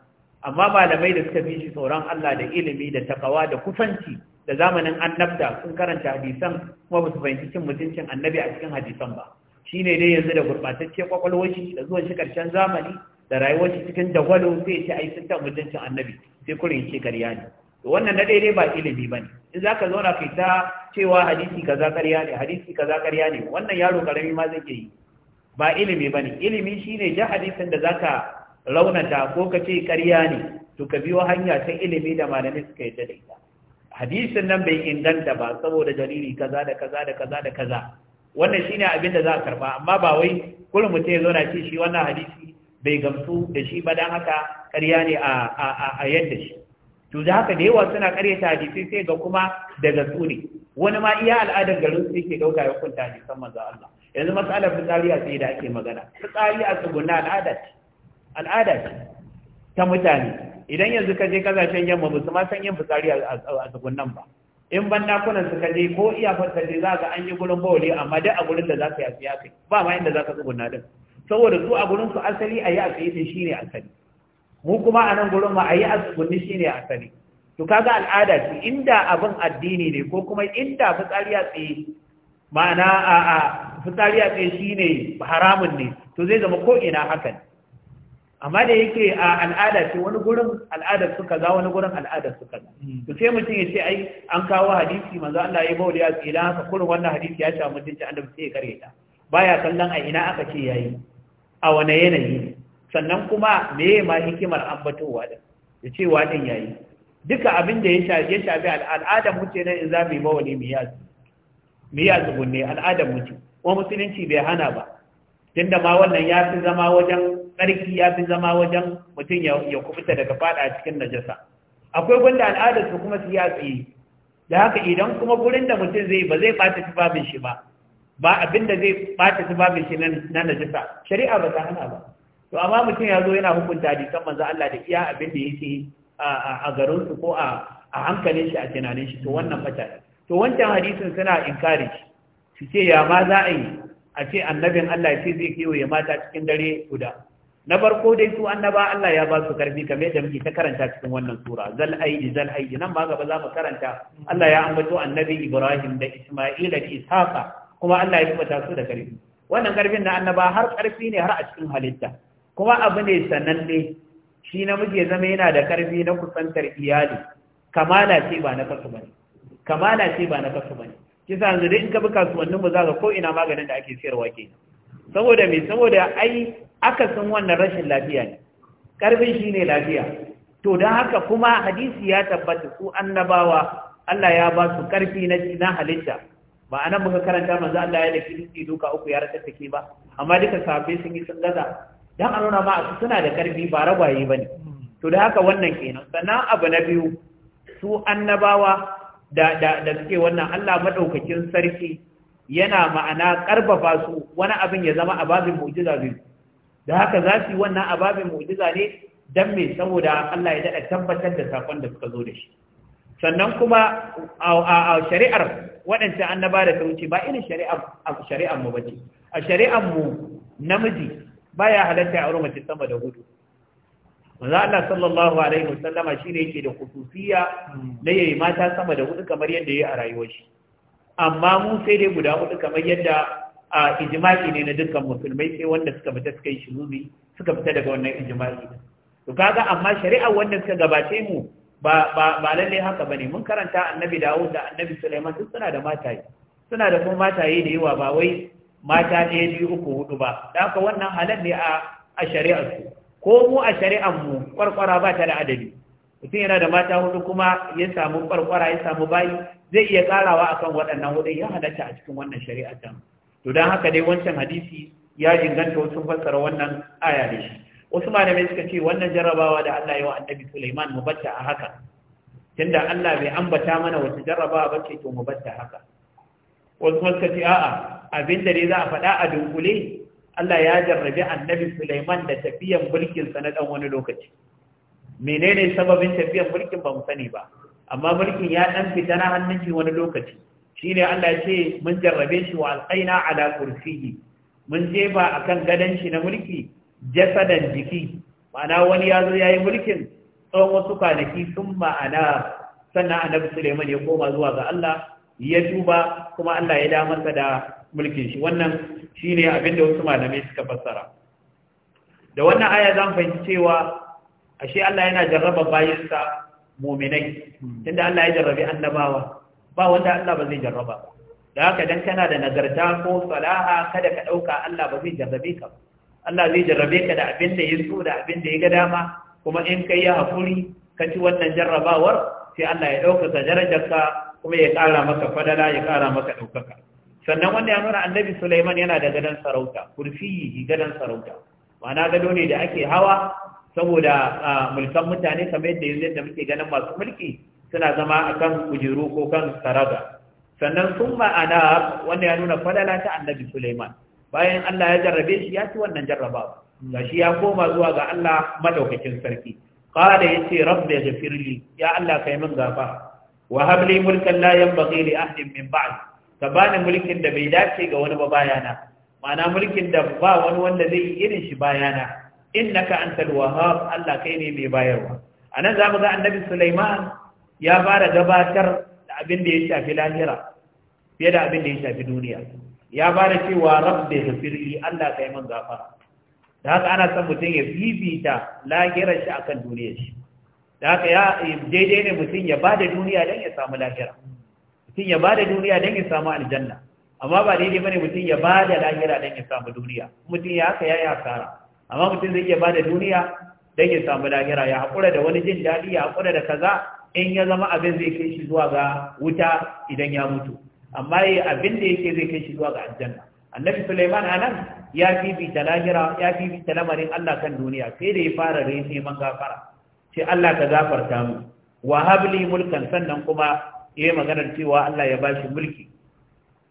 amma malamai da suka fi shi tsoron Allah da ilimi da takawa da kusanci da zamanin annabta sun karanta hadisan kuma ba su fahimci cin mutuncin annabi a cikin hadisan ba shi ne dai yanzu da gurɓatacce kwakwalwar shi da zuwan shi karshen zamani da rayuwar shi cikin dagwalo sai ce ai sun ta mutuncin annabi sai kurin yake karya ne to wannan na daidai ba ilimi bane in za ka zauna kai ta cewa hadisi kaza ƙarya ne hadisi kaza ƙarya ne wannan yaro ƙarami ma zai yi ba ilimi bane ilimi shine ja hadisin da zaka raunata ko ka ce ƙarya ne to ka biyo hanya ta ilimi da malami suka yadda da ita hadisin nan bai inganta ba saboda dalili kaza da kaza da kaza da kaza wannan shine abin da za a karba amma ba wai kullum mutum ya zo na ce shi wannan hadisi bai gamsu da shi ba dan haka ƙarya ne a yadda shi to da haka da yawa suna ƙaryata hadisi sai ga kuma daga su ne wani ma iya al'adar garin su yake ɗauka ya kunta hadisan manzo Allah yanzu mas'alar fitsari a sai da ake magana fitsari a tsuguna al'ada ce al'ada ce ta mutane idan yanzu ka je kazashen yamma ba su ma san yin fitsari a tsugunan ba in ban dakunan suka je ko iyakar ta je za ga an yi gurin bawali amma duk a gurin da za ka yi asiya kai ba ma inda za ka tsuguna din saboda su a gurin su asali a yi a tsaye shi ne asali mu kuma a nan gurin ma a yi a tsugunni ne asali to kaga al'ada ce inda abin addini ne ko kuma inda fitsari a tsaye ma'ana a fitsari a tsaye shine haramun ne to zai zama ko ina hakan amma da yake a al'ada ce wani gurin al'adar su kaza wani gurin al'adar su kaza hmm. to sai mutum ya ce ai an kawo hadisi manzo Allah ya bauli ya tsira haka kurin wannan hadisi ya mutum mutunci annabi sai ya kare ta baya kallon a ina aka ce yayi a wane yanayi sannan kuma meye ma hikimar ambatowa da ya ce wa din yayi duka abin da ya shafi ya shafi al'adar mu ce nan in za mu yi bauli mu yi azu mu yi azu gunne al'adar mu ce musulunci bai hana ba tunda ma wannan ya fi zama wajen tsarki ya fi zama wajen mutum ya kubuta daga fada cikin najasa akwai gwanda al'adar su kuma su ya tsaye da haka idan kuma gurin da mutum zai ba zai bata tufafin shi ba ba abin da zai bata tufafin shi na najasa shari'a ba ta hana ba to amma mutum ya zo yana hukunta jikan manzo Allah da iya abin da yake a garin su ko a hankalin shi a tunanin shi to wannan fata to wancan hadisin suna inkari shi su ce ya ma za a yi a ce annabin Allah ya ce zai kewaye mata cikin dare guda na farko dai su annaba Allah ya ba su karfi kamar yadda muke ta karanta cikin wannan sura zal aidi zal aidi nan ma gaba za mu karanta Allah ya ambato annabi Ibrahim da Isma'ila da Ishaqa kuma Allah ya tabbata su da karfi wannan karfin na annaba har karfi ne har a cikin halitta kuma abu ne sananne shi namiji ya zama yana da karfi na kusantar iyali kamala ce ba na kasu bane kamala ce ba na kasu bane kisa yanzu dai in ka bi kasuwannin mu zaka ko ina maganin da ake siyarwa ke saboda me saboda ai aka san wannan rashin lafiya ne karfin ne lafiya to dan haka kuma hadisi ya tabbata su annabawa Allah ya ba su karfi na na halitta ba anan muka karanta manzo Allah ya da duka uku ya rasa take ba amma duka sahabbai sun yi sun gaza dan a nuna ma suna da karfi ba ragwaye bane to don haka wannan kenan sannan abu na biyu su annabawa da suke wannan Allah madaukakin sarki yana ma'ana karfafa su wani abin ya zama ababin mu'jiza ne da haka za su yi wannan ababin mu'jiza ne dan me saboda Allah ya daɗa tabbatar da sakon da suka zo da shi sannan kuma a shari'ar waɗancan annaba da ta wuce ba irin shari'ar mu ba ce. a shari'ar mu namiji baya halatta a mace sama da hudu manzo Allah sallallahu alaihi wasallama shine yake da khususiya na yayi mata sama da hudu kamar yadda yayi a rayuwar shi amma mu sai dai guda hudu kamar yadda a ijma'i ne na dukkan musulmai sai wanda suka fita suka yi shuzumi suka fita daga wannan ijma'i to kaga amma shari'ar wanda suka gabace mu ba ba ba ne. haka mun karanta annabi Dawud da annabi Sulaiman duk suna da mataye suna da kuma mataye da yawa ba wai mata ɗaya biyu uku hudu ba da wannan halal ne a a shari'ar su ko mu a shari'an mu kwarkwara ba ta da adadi mutum yana da mata hudu kuma ya samu kwarkwara ya samu bayi zai iya karawa akan waɗannan hudu ya halatta a cikin wannan shari'a ta to don haka dai wancan hadisi ya jinganta wasu fassara wannan aya da shi wasu malamai suka ce wannan jarrabawa da Allah ya wa annabi Sulaiman mubatta a haka tunda Allah bai ambata mana wata jarrabawa ba ce to mubatta haka wasu suka ce a'a abin da dai za a faɗa a dunkule Allah ya jarrabi annabi Sulaiman da tafiyan mulkinsa na ɗan wani lokaci. Menene sababin tafiyan mulkin ba mu sani ba, amma mulkin ya ɗan fita na hannun shi wani lokaci. Shi ne Allah ce mun jarrabe shi wa alƙaina ala kursiyi, mun jefa a kan gadon shi na mulki jasadan jiki, ma'ana wani ya zo ya yi mulkin tsawon wasu kwanaki sun ma'ana sannan annabi Sulaiman ya koma zuwa ga Allah ya tuba kuma Allah ya da masa da mulkin shi wannan shine abin da wasu malamai suka fassara da wannan aya zan fahimci cewa ashe Allah yana jarraba bayinsa mu'minai tunda Allah ya jarrabi annabawa ba wanda Allah ba zai jarraba da haka dan kana da nagarta ko salaha kada ka dauka Allah ba zai jarrabe ka Allah zai jarrabe ka da abin da ya da abin da ya ga dama kuma in kai ya hakuri ka ci wannan jarrabawar sai Allah ya dauka ka darajarka kuma ya kara maka fadala ya kara maka daukaka sannan wanda ya nuna annabi Sulaiman yana da gadon sarauta kursiyi gadon sarauta ma'ana gado ne da ake hawa saboda mulkan mutane kamar yadda yanzu yadda muke ganin masu mulki suna zama a kan kujeru ko kan saraga sannan sun ma'ana wanda ya nuna falala ta annabi Sulaiman bayan Allah ya jarrabe shi ya ci wannan jarrabawa ga shi ya koma zuwa ga Allah madaukakin sarki qala yace rabbi ghfirli ya Allah kai min gafa wa habli mulkan la yanbaghi li ahdin min ba'di ka bani mulkin da bai dace ga wani ba bayana ma'ana mulkin da ba wani wanda zai yi irin shi bayana innaka antal wahhab Allah kai ne mai bayarwa anan zamu ga annabi Sulaiman ya fara gabatar da abin da ya shafi lahira fiye da abin da ya shafi duniya ya fara cewa rabbi ghfirli Allah kai man gafara da haka ana son mutum ya fifita lahirar shi akan duniyar shi da haka ya daidai ne mutum ya bada duniya don ya samu lahira mutum ya bada duniya don ya samu aljanna amma ba daidai bane mutum ya bada lahira don ya samu duniya mutum ya haka yi asara amma mutum zai iya bada duniya don ya samu lahira ya haƙura da wani jin daɗi ya haƙura da kaza in ya zama abin zai kai shi zuwa ga wuta idan ya mutu amma yi abin da yake zai kai shi zuwa ga aljanna annabi Suleiman anan ya fifita lahira ya fifita lamarin Allah kan duniya sai da ya fara rai neman gafara sai Allah ka gafarta mu wa mulkan sannan kuma iya maganar cewa Allah ya bashi mulki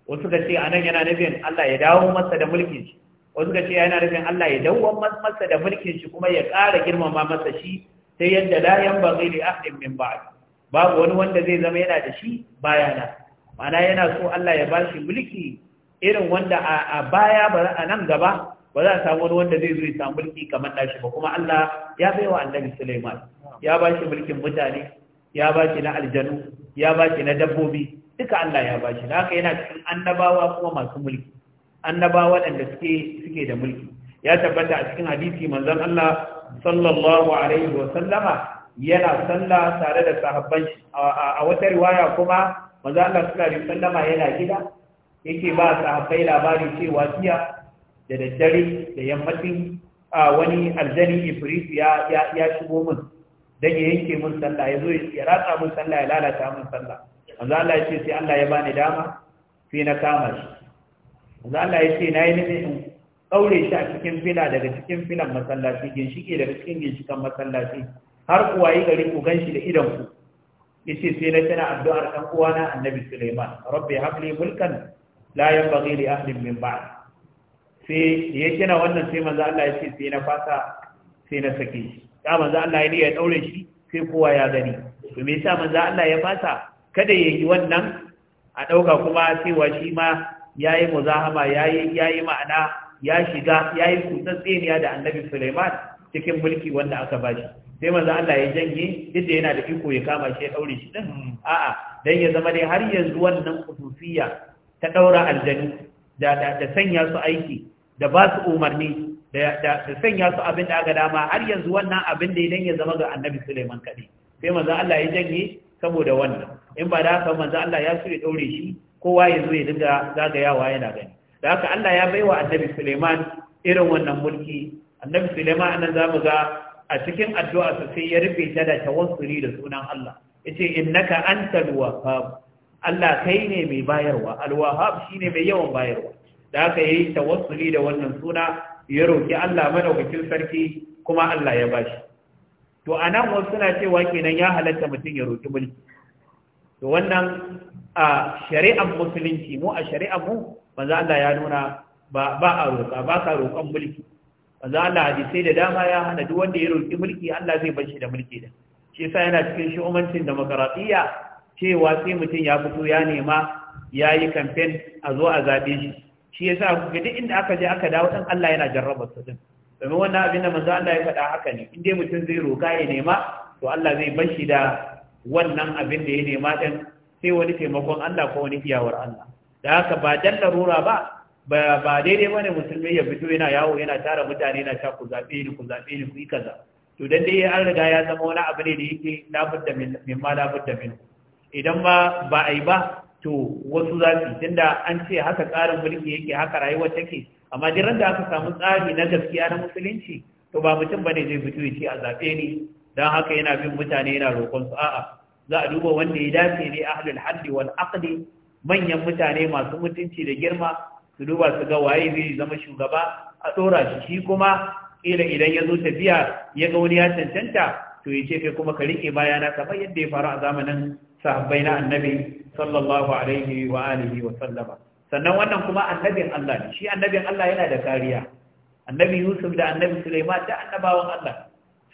wasu ka ce anan yana nufin Allah ya dawo masa da mulkin shi wasu ka ce yana nufin Allah ya dawo masa da mulkin shi kuma ya ƙara girmama masa shi ta yadda la yan ba zai ahadin min ba babu wani wanda zai zama yana da shi bayana ma'ana yana so Allah ya bashi mulki irin wanda a baya ba a nan gaba ba za a samu wani wanda zai zo ya samu mulki kamar nashi ba kuma Allah ya baiwa Annabi Sulaiman ya bashi mulkin mutane ya ba bashi na aljanu ya bashi na dabbobi duka Allah ya bashi da haka yana cikin annabawa kuma masu mulki annabawa waɗanda suke suke da mulki ya tabbata a cikin hadisi manzon Allah sallallahu alaihi wa sallama yana sallah tare da sahabban a wata riwaya kuma manzon Allah sallallahu alaihi wa sallama yana gida yake ba sahabbai labari cewa jiya da daddare da yammacin wani aljani ifrit ya ya shigo min dan ya yanke mun sallah ya zo ya ratsa mun sallah ya lalata mun sallah manzo Allah ya ce sai Allah ya bani dama sai na kama shi manzo Allah ya ce na yi in daure shi a cikin fila daga cikin filan masallaci ginshike daga cikin ginshikan masallaci har kuwa yi gari ku ganshi da idan ku yace sai na tana addu'ar dan uwana annabi Sulaiman rabbi habli mulkan la yanbaghi li ahlin min ba'd sai ya kina wannan sai manzo Allah ya ce sai na fasa sai na sake shi ya manzo Allah ya ne ya daure shi sai kowa ya gani to me yasa manzo Allah ya fasa kada ya yi wannan a dauka kuma cewa shi ma yayi muzahama yayi yayi ma'ana ya shiga yayi kutsatseniya da Annabi Sulaiman cikin mulki wanda aka bashi sai manzo Allah ya janye yadda yana da iko ya kama shi ya daure shi din hmm. a'a dan ya zama dai har yanzu wannan kutufiya ta daura aljanu da da sanya su aiki da ba su umarni da sanya su abin da aka dama har yanzu wannan abin da idan ya zama ga annabi Suleiman kaɗai sai manzo Allah ya janye saboda wannan in ba da haka manzo Allah ya so ya daure shi kowa ya zo ya dinga zagayawa yana gani da haka Allah ya baiwa annabi Suleiman irin wannan mulki annabi Suleiman anan mu ga a cikin addu'a sa sai ya rufe ta da tawassuli da sunan Allah yace innaka antal wahhab Allah kai ne mai bayarwa al-wahhab shine mai yawan bayarwa da haka yayi tawassuli da wannan suna ya roƙi Allah madaukakin sarki kuma Allah ya bashi to anan wasu suna cewa kenan ya halatta mutum ya roƙi mulki to wannan a shari'ar musulunci mu a shari'ar mu manzo Allah ya nuna ba ba a roƙa ba ka roƙon mulki manzo Allah hadisi da dama ya hana duk wanda ya roƙi mulki Allah zai bar shi da mulki da shi yasa yana cikin shi'umancin demokradiyya cewa sai mutum ya fito ya nema ya yi kamfen a zo a zaɓe shi shi yasa ga duk inda aka je aka dawo dan Allah yana jarraba su din domin wannan abin da manzo Allah ya faɗa haka ne in dai mutum zai roka ya nema to Allah zai bar shi da wannan abin da ya nema din sai wani taimakon Allah ko wani iyawar Allah da haka ba dan larura ba ba daidai bane musulmi ya fito yana yawo yana tara mutane yana ta ku zabe ni ku zabe ni ku yi kaza to dan dai an riga ya zama wani abu ne da yake labudda min ma labudda min idan ba ba ai ba to wasu za su da an ce haka tsarin mulki yake haka rayuwa take amma duk da aka samu tsari na gaskiya na musulunci to ba mutum bane zai fito ce a zaɓe ne. dan haka yana bin mutane yana roƙon su a'a za a duba wanda ya dace ne ahlul haddi wal aqdi manyan mutane masu mutunci da girma su duba su ga waye zai zama shugaba a dora shi shi kuma ila idan ya zo tafiya ya ga wani ya cancanta to ya ce kai kuma ka rike bayana kamar yadda ya faru a zamanin sahabbai na annabi sallallahu alaihi wa alihi wa sallama sannan wannan kuma annabin Allah ne shi annabin Allah yana da kariya annabi Yusuf da annabi Sulaiman da annabawan Allah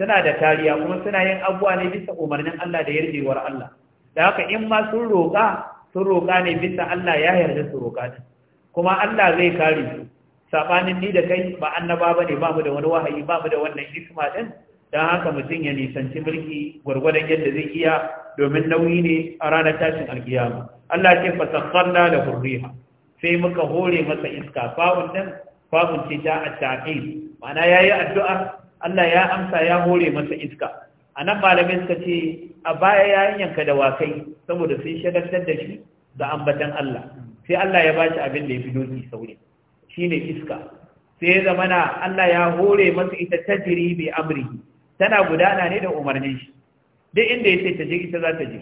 suna da kariya kuma suna yin abuwa ne bisa umarnin Allah da yarjewar Allah da haka in ma sun roƙa sun roƙa ne bisa Allah ya yarda su roƙa ta kuma Allah zai kare su sabanin ni da kai ba annaba bane ba mu da wani wahayi ba mu da wannan isma din don haka mutum ya nisanci mulki gwargwadon yadda zai iya domin nauyi ne a ranar tashin alkiyama Allah ce fasakharna da hurriha sai muka hore masa iska fa'un din fa'un ce ta at mana ma'ana yayi addu'a Allah ya amsa ya hore masa iska anan malamin suka ce a baya yayin yanka da wakai saboda sun shagaltar da shi da ambatan Allah sai Allah ya bashi abin da ya fi doki sauri shine iska sai ya zamana Allah ya hore masa ita tajiri bi amrihi tana gudana ne da umarnin shi duk inda ya ce ta je ita za ta je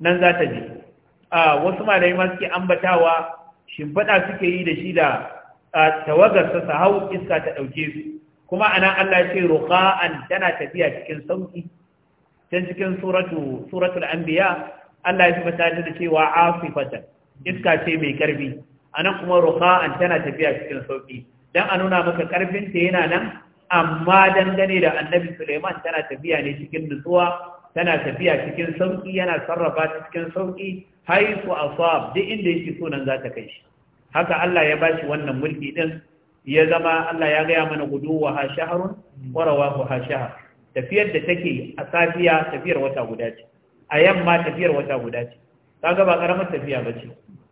nan za ta je a wasu malai ma suke ambatawa shimfiɗa suke yi da shi da tawagarsa su hau iska ta ɗauke su kuma anan Allah ce ruqa'an tana tafiya cikin sauki can cikin suratu suratul anbiya Allah ya fi da cewa asifatan iska ce mai karfi anan kuma ruqa'an tana tafiya cikin sauki dan a nuna maka karfin yana nan amma dangane da annabi Suleiman tana tafiya ne cikin nutsuwa tana tafiya cikin sauki yana sarrafa ta cikin sauki haifu asab duk inda yake so nan za ta kai shi haka Allah ya bashi wannan mulki din ya zama Allah ya gaya mana wa ha shaharun warawa ku ha shahar tafiyar da take a safiya tafiyar wata guda ce a yamma tafiyar wata guda ce kaga ba karamar tafiya ba ce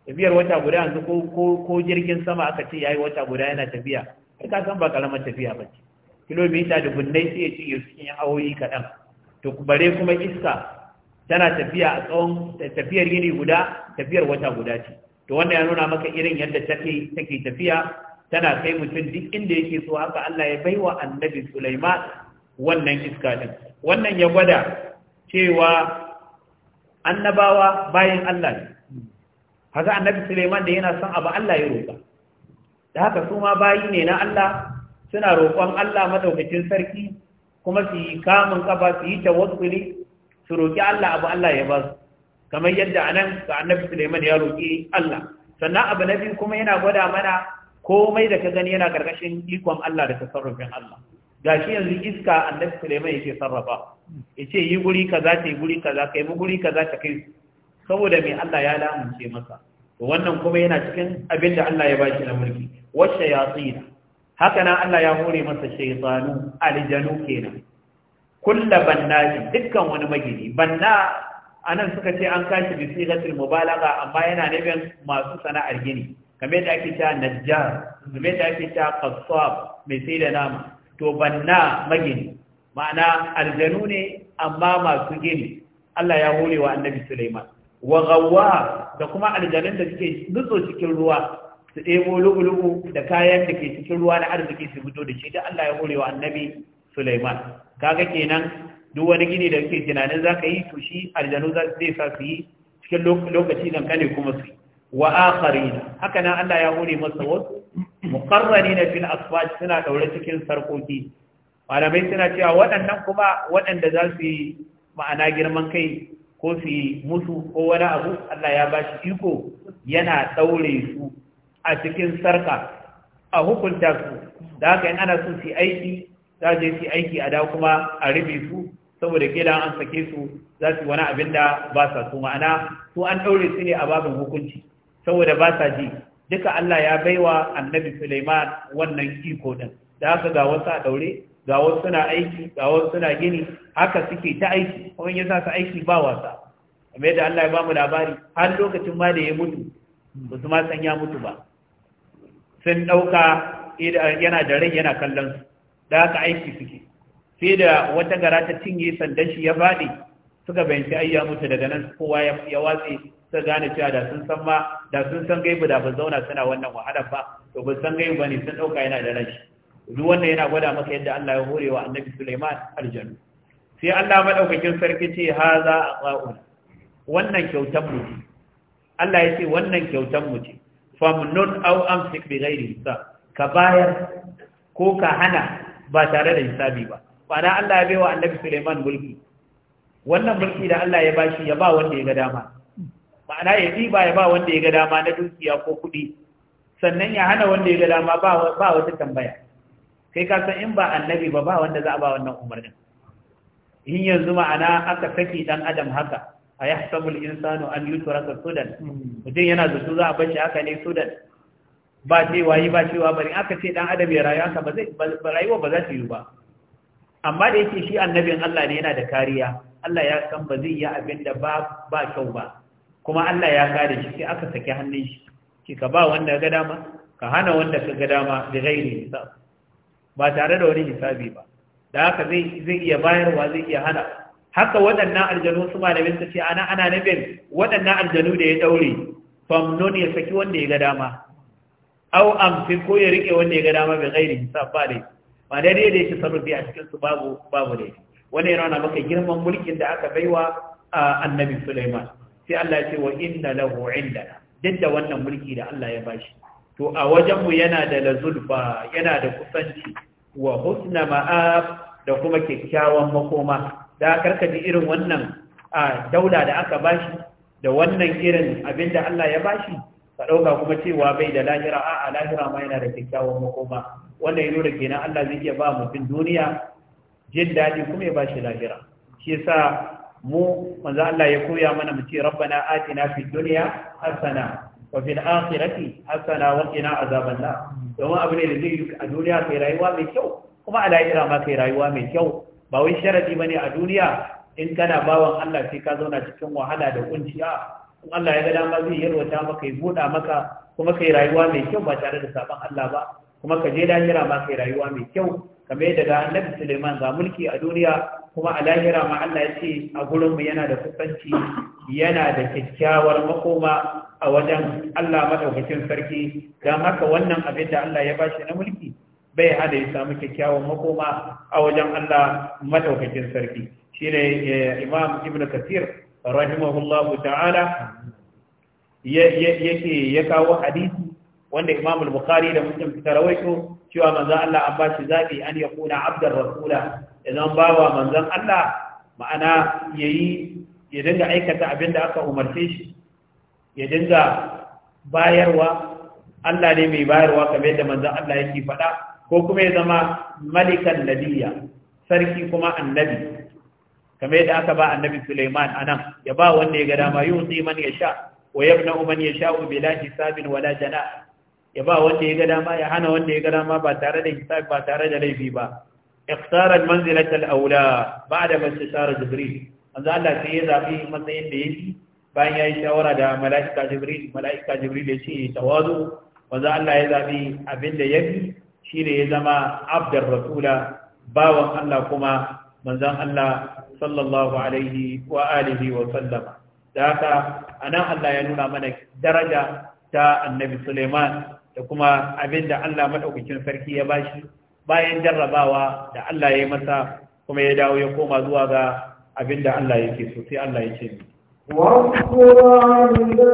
tafiyar wata guda yanzu ko ko jirgin sama aka ce yayi wata guda yana tafiya kai ka san ba karamar tafiya ba ce kilomita bunnai sai ya ci su cikin awoyi kaɗan to bare kuma iska tana tafiya a tsawon tafiyar yini guda tafiyar wata guda ce to wannan ya nuna maka irin yadda take take tafiya tana kai mutum duk inda yake so haka Allah ya baiwa annabi Sulaiman wannan iska din wannan ya gwada cewa annabawa bayan Allah ne haka annabi Sulaiman da yana son abu Allah ya roƙa da haka su ma bayi ne na Allah suna roƙon Allah madaukakin sarki kuma su yi kamun kafa su yi tawassuli su roƙi Allah abu Allah ya ba su kamar yadda anan ga Annabi Suleiman ya roƙi Allah sannan abu na biyu kuma yana gwada mana komai da ka gani yana karkashin ikon Allah da tasarrufin Allah gashi yanzu iska Annabi Suleiman yake sarrafa yace yi guri kaza ta yi guri kaza kai mu guri kaza ta kai saboda me Allah ya lamunce masa wannan kuma yana cikin abin da Allah ya bashi na mulki washayatin haka nan Allah ya hore masa shaytanu aljanu kenan kullu bannaji dukkan wani magidi banna anan suka ce an kashi bi sigatul mubalagha amma yana neman masu sana'ar gini kamar yadda ake cewa najjar kamar yadda ake cewa qassab mai sai da nama to banna magini ma'ana aljanu ne amma masu gini Allah ya hore wa annabi Sulaiman wa gawwa da kuma aljanun da suke nutso cikin ruwa su ɗebo lugu-lugu da kayan da ke cikin ruwa na arziki su fito da shi da Allah ya hore wa annabi Sulaiman kaga kenan duk wani gini da kake tunanin za ka yi to shi aljanu zai sa su yi cikin lokaci nan kane kuma su yi wa akharina haka nan Allah ya hore masa wasu na fil asfaj suna daure cikin sarkoki malamai suna cewa waɗannan kuma waɗanda za su yi ma'ana girman kai ko su yi musu ko wani abu Allah ya ba shi iko yana ɗaure su a cikin sarka a hukunta su da haka in ana so su aiki za su su aiki a da kuma a rufe su saboda gidan an sake su za su wani abin da ba sa su ma'ana su an ɗaure su ne a babin hukunci saboda ba sa ji duka Allah ya baiwa annabi Suleiman wannan iko din da haka ga wasu a ɗaure ga wasu suna aiki ga wasu suna gini haka suke ta aiki kuma ya sa su aiki ba wasa kamar da Allah ya ba mu labari har lokacin ma da ya mutu ba su ma san ya mutu ba sun ɗauka yana da rai yana kallon su da aka aiki suke sai da wata gara ta cinye sandan shi ya faɗi suka bayanci ayya mutu daga nan kowa ya watse suka gane cewa da sun san ma da sun san gaibu da ba zauna suna wannan wahala ba to ba san gaibu ne. sun ɗauka yana da rai duk wannan yana gwada maka yadda Allah ya hore wa Annabi Sulaiman Aljanu. sai Allah madaukakin sarki ce a aqaun wannan kyautan mutum Allah ya ce wannan kyautan mutum famnun aw amsik bi ghairi hisab ka bayar ko ka hana ba tare da hisabi ba bana Allah ya baiwa annabi Suleiman mulki wannan mulki da Allah ya bashi ya ba wanda ya ga dama ma'ana ya ba ya ba wanda ya ga dama na dukiya ko kuɗi sannan ya hana wanda ya ga dama ba ba wata tambaya kai ka san in ba annabi ba ba wanda za a ba wannan umarnin in yanzu ma'ana aka saki dan adam haka a ya sabul insanu an yi turaka sudan mutum yana zutu za a bashi haka ne sudan ba cewa yi ba cewa bari aka ce dan adam ya rayu ba zai rayuwa ba za ta yi ba amma da yake shi annabin Allah ne yana da kariya Allah ya san ba zai yi abin da ba ba kyau ba kuma Allah ya kare shi sai aka saki hannun shi ki ka ba wanda ga dama ka hana wanda ka ga dama da gairi hisab ba tare da wani hisabi ba da haka zai zai iya bayarwa zai iya hana haka waɗannan aljanu su malamin su ce ana ana nufin? waɗannan aljanu da ya daure famnon ya saki wanda ya ga dama au amfi ko ya rike wanda ya ga dama bai gairi hisab ba dai ba dai dai da shi sarrafi a cikin su babu babu dai wannan yana nuna maka girman mulkin da aka baiwa annabi Sulaiman sai Allah ya ce wa inna lahu indana duk da wannan mulki da Allah ya bashi to a wajenmu yana da lazulfa yana da kusanci wa husna ma'ab da kuma kyakkyawan makoma da karka ji irin wannan a daula da aka bashi da wannan irin abin da Allah ya bashi ka ɗauka kuma cewa bai da lahira a a lahira ma yana da kyakkyawan makoma wannan ya nuna kenan Allah zai iya ba mutum duniya jin daɗi kuma ya bashi lahira shi yasa mu manzo Allah ya koya mana mu ce rabbana atina fid dunya hasana wa fil akhirati hasana wa qina azaban domin abu ne da zai yi a duniya kai rayuwa mai kyau kuma a lahira ma kai rayuwa mai kyau ba wai sharadi ne a duniya in kana bawan Allah sai ka zauna cikin wahala da kunciya in Allah ya ga dama zai yarwata maka ya buɗa maka kuma kai rayuwa mai kyau ba tare da sabon Allah ba kuma ka je lahira ma kai rayuwa mai kyau kamar yadda ga Annabi Suleiman ga mulki a duniya kuma a lahira ma Allah ya ce a gurin mu yana da kusanci yana da kyakkyawar makoma a wajen Allah madaukakin sarki dan haka wannan abin da Allah ya bashi na mulki bai hada ya samu kyakkyawan makoma a wajen Allah madaukakin sarki shine eh, Imam Ibn Kathir rahimahullahu ta'ala yake ya kawo hadisi wanda Imam Al-Bukhari da Muslim suka rawaito cewa manzon Allah an bashi shi zabi an ya kuna abdar rasula idan bawa manzon Allah ma'ana yayi ya dinga aikata abin da aka umarce shi ya dinga bayarwa Allah ne mai bayarwa kamar yadda manzon Allah yake faɗa ko kuma ya zama malikan nabiya sarki kuma annabi kamar yadda aka ba annabi Sulaiman anan ya ba wanda ya ga dama yuti man sha wa yabna man bi la hisabin wala jana ya ba wanda ya ga dama ya hana wanda ya ga dama ba tare da hisab ba tare da laifi ba اختار المنزلة الأولى بعد ما استشار جبريل manzo Allah sai ya zabi matsayin da yake bayan yi shawara da malaika Jibril malaika Jibril ya ce tawazu manzo Allah ya zabi abin da shine ya zama abdar rasula bawan Allah kuma manzon Allah sallallahu alaihi wa alihi wa sallama da haka anan Allah ya nuna mana daraja ta annabi Suleiman da kuma abinda Allah madaukakin sarki ya bashi bayan jarrabawa da Allah ya yi masa kuma ya dawo ya koma zuwa ga abinda Allah yake so sai Allah ya ce ni
عندنا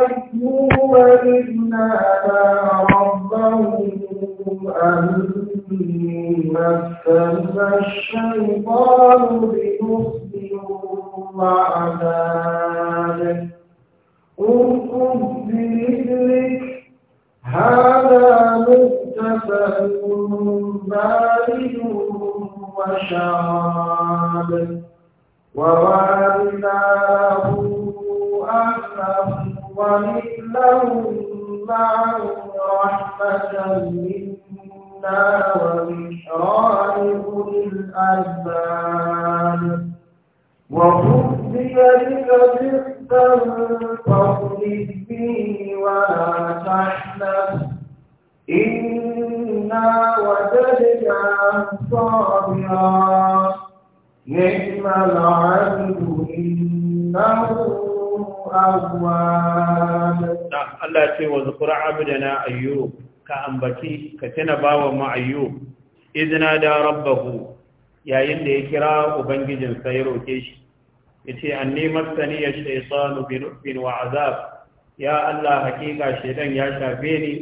أيوب إذ نادى ربهم أني مثل الشيطان بنصب وعذاب اركض برجلك هذا مغتسل بارد وشراب ووالداه أهله ومثله معه رحمة منا وذكرى لأولي الألباب وخذ بيدك ضغطا فاضرب ولا تحنث إنا وجدناه صابرا نعم العبد إنه
Allah ce wa zukura abidana ayyub ka ambaci ka tana bawa ma ayyub izina da rabbahu yayin da ya kira ubangijin sai roke shi yace anni masani ya shaytanu bi nufin wa azab ya Allah hakika shaytan ya shafe ni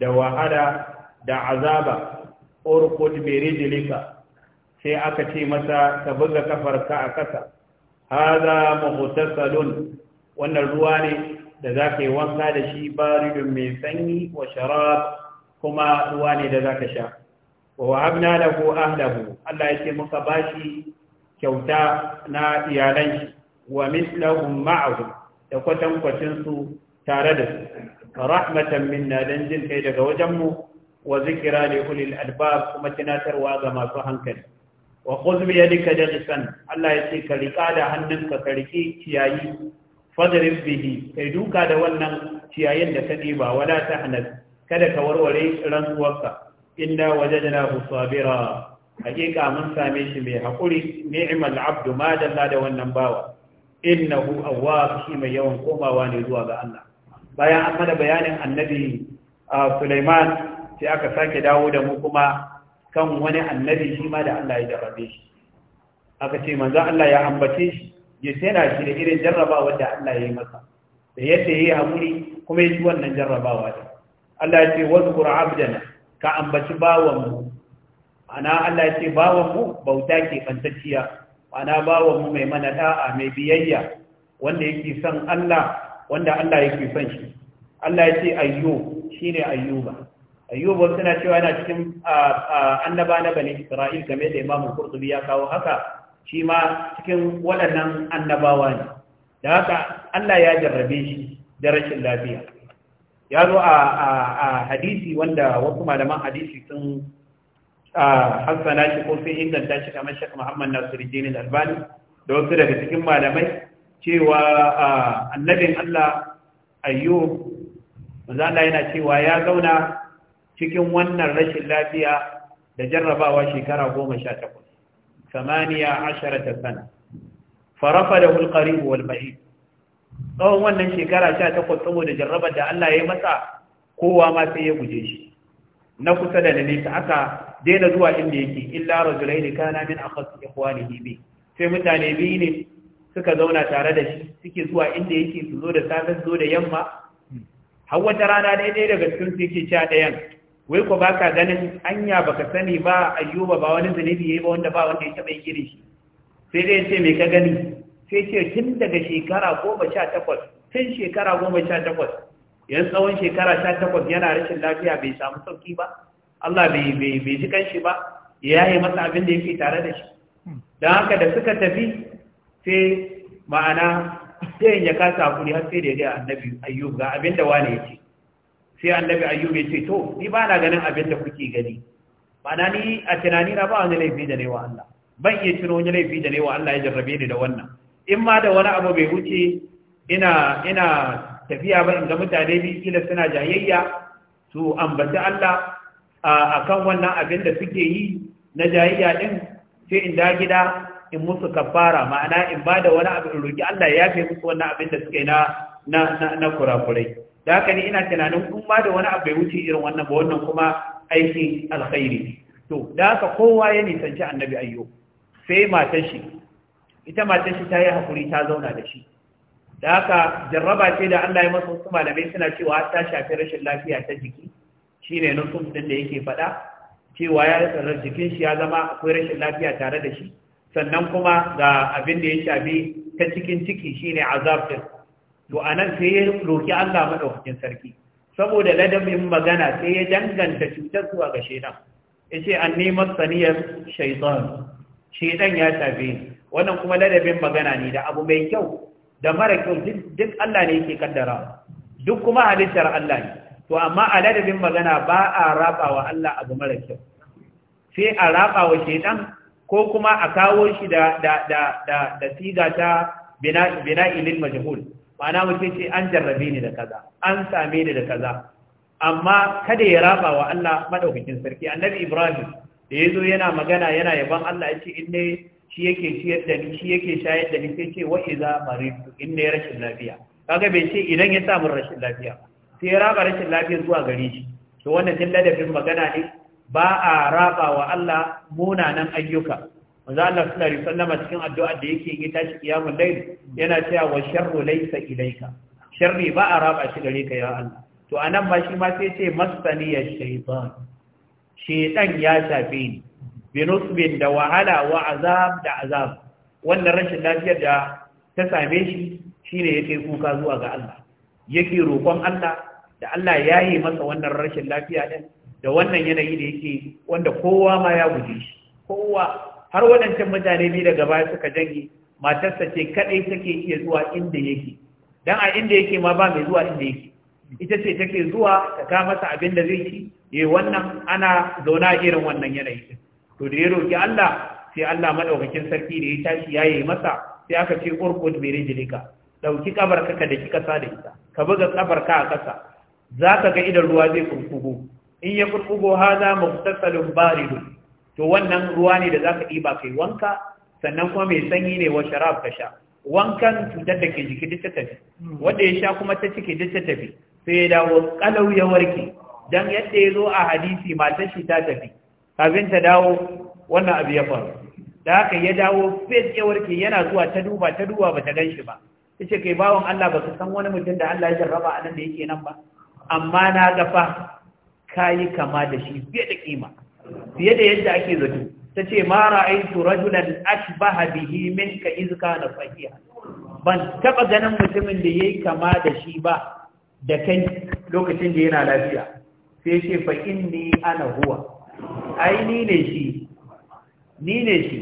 da wahala da azaba urqud bi rijlika sai aka ce masa ka buga kafarka a kasa hadha muhtasalun wannan ruwa ne da za ka yi wanka da shi baridun mai sanyi wa sharab kuma ruwa ne da za ka sha wa wahabna lahu ahlahu Allah yake muka bashi kyauta na iyalan shi wa mislahum ma'ahum da kwatankwacin su tare da su rahmatan minna dan jin kai daga wajen mu wa zikira li ulil albab kuma tunatarwa ga masu hankali wa khudh bi yadika jalisan Allah yace ka riƙa da hannunka ka riƙe ciyayi fadrib bihi kai duka da wannan ciyayin da ka ɗiba wala tahnas kada ka warware rantsuwarka inna wajadnahu sabira hakika mun same shi mai haƙuri ni'mal abdu ma dalla da wannan bawa innahu awwab shi mai yawan komawa ne zuwa ga Allah bayan an mana bayanin annabi Sulaiman sai aka sake dawo da mu kuma kan wani annabi shi ma da Allah ya jarrabe shi aka ce manzo Allah ya ambace shi ya tana shi da irin jarrabawa da Allah ya yi masa da yadda ya yi hamuri, kuma ya ci wannan jarrabawa da Allah ya ce wasu kura abdana ka ambaci bawanmu ana Allah ya ce bawanmu bauta ke fantacciya ana bawanmu mai mana da'a mai biyayya wanda yake son Allah wanda Allah yake son shi Allah ya ce ayyo shine ayyuba ayyuba suna cewa yana cikin annaba na bani Isra'il game da Imam Qurtubi ya kawo haka shi ma cikin waɗannan annabawa ne da haka Allah ya jarrabe shi da rashin lafiya ya zo a hadisi wanda wasu malaman hadisi sun hassana shi ko sun inganta shi kamar shek muhammad nasiru jini albani da wasu daga cikin malamai cewa annabin Allah ayyub manzo Allah yana cewa ya zauna cikin wannan rashin lafiya da jarrabawa shekara goma sha takwas samaniya asharata sana farafa da hulƙari wal tsawon wannan shekara sha takwas saboda jarrabar da Allah ya masa kowa ma sai ya guje shi na kusa da na nesa aka daina zuwa inda yake illa rajulai ne kana min akhas ikhwanihi bi sai mutane biyu ne suka zauna tare da shi suke zuwa inda yake su zo da safe zo da yamma har wata rana daidai daga cikin su yake sha dayan. wai ko baka ganin anya baka sani ba ayyuba ba wani zanibi yayi ba wanda ba wanda ya taba yi shi sai dai ce me ka gani sai ce tun daga shekara goma tun shekara goma yan tsawon shekara sha yana rashin lafiya bai samu sauki ba Allah bai bai ji kanshi ba ya yi masa abin da yake tare da shi Dan haka da suka tafi sai ma'ana sai ya kasa hakuri har sai da ya ga annabi ayyuba abinda abin da wane yake sai annabi ayyub ya ce to ni ba na ganin abin da kuke gani ma'ana ni a tunani na ba wani laifi da ne wa Allah ban iya tuno wani laifi da ne wa Allah ya jarrabe ni da wannan in ma da wani abu bai wuce ina ina tafiya ba in ga mutane bi kila suna jayayya su ambaci Allah akan wannan abin da suke yi na jayayya din sai in da gida in musu kafara ma'ana in ba da wani abu in roki Allah ya yafe musu wannan abin da suke na na na kurakurai da haka ni ina tunanin kun ba da wani abu bai wuce irin wannan ba wannan kuma aikin alkhairi to da haka kowa ya nisanci annabi ayyo sai matar shi ita matar shi ta yi hakuri ta zauna da shi da haka jarraba ce da Allah ya masa hukuma da bai suna cewa ta shafi rashin lafiya ta jiki shine nusum din da yake faɗa cewa ya rasa jikin shi ya zama akwai rashin lafiya tare da shi sannan kuma ga abin da ya shafi ta cikin ciki shine azab to a nan sai ya roki Allah maɗaukacin sarki saboda ladabin magana sai ya danganta cutar zuwa ga shaidan Ya ce, an nema saniyar shaidan ya tafi ni wannan kuma ladabin magana ne da abu mai kyau da mara kyau duk Allah ne yake kaddara duk kuma halittar Allah ne to amma a ladabin magana ba a raba wa Allah abu mara kyau sai a raba wa shaidan ko kuma a kawo shi da da da da, da siga ta bina bina ilil majhul ma'ana wuce ce an jarrabe ni da kaza an same ni da kaza amma kada ya raba wa Allah madaukakin sarki annabi Ibrahim da ya zo yana magana yana yaban Allah yace inne shi yake ciyar da ni shi yake shayar da ni sai ce wa iza maritu inne rashin lafiya kaga bai ce idan ya samu rashin lafiya sai ya raba rashin lafiya zuwa gare shi to wannan din ladabin magana ne ba a raba wa Allah munanan ayyuka manzo Allah suna alaihi cikin addu'a da yake yi tashi kiyamul layl yana cewa wa sharru laysa ilayka sharri ba a raba shi gare ka ya Allah to anan ba shi ma sai ce masani ya shaytan shaytan ya shafe ni bi nusbin da wahala wa azab da azab wannan rashin lafiyar da ta same shi shine yake kuka zuwa ga Allah yake roƙon Allah da Allah ya yi masa wannan rashin lafiya din da wannan yanayi da yake wanda kowa ma ya guje shi kowa har waɗancan mutane biyu daga baya suka janye matarsa ce kaɗai take iya zuwa inda yake dan a inda yake ma ba mai zuwa inda yake ita ce take zuwa ta ka masa abin da zai ci yayi eh, wannan ana zauna irin wannan yanayi to da ya roki Allah sai Allah madaukakin sarki da ya tashi yayi masa sai aka ce urkud bi rijlika dauki kabarka ka kika sa da ita ka buga kabarka a kasa zaka ga idan ruwa zai kurkugo in ya kurkugo haza muftasalun baridun to wannan ruwa ne da za ka ɗiba kai wanka sannan kuma mai sanyi ne wa sharab ka sha wankan cutar da ke jiki duk ta tafi wanda ya sha kuma ta ciki duk ta tafi sai ya dawo kalau ya warke dan yadda ya zo a hadisi matar shi ta tafi kafin ta dawo wannan abu ya faru da haka ya dawo fes ya warke yana zuwa ta duba ta duba ba ta gan shi ba ta ce kai bawan Allah ba ka san wani mutum da Allah ya jarraba a nan da yake nan ba amma na gafa ka yi kama da shi fiye da kima fiye da yadda ake zato ta ce ma ra'aitu rajulan ashbaha bihi minka iz kana sahiha ban taba ganin mutumin da yayi kama da shi ba da kai lokacin da yana lafiya sai ce fa inni ana huwa ai ni ne shi ni ne shi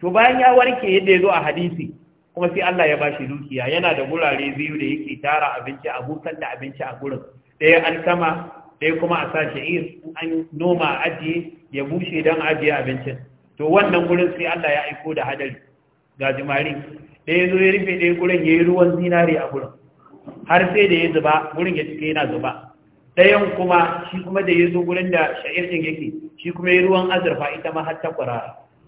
to bayan ya warke yadda ya zo a hadisi kuma sai Allah ya bashi dukiya yana da gurare biyu da yake tara abinci a gurin, da abinci a gurin ɗaya kama, ɗaya kuma a sa in an noma a ajiye ya bushe don ajiye abincin to wannan gurin sai Allah ya aiko da hadari ga jimari ɗaya zo ya rufe ɗaya gurin ya yi ruwan zinare a gurin har sai da ya zuba gurin ya cike yana zuba ɗayan kuma shi kuma da ya zo gurin da sha'ir ɗin yake shi kuma ya ruwan azurfa ita ma har ta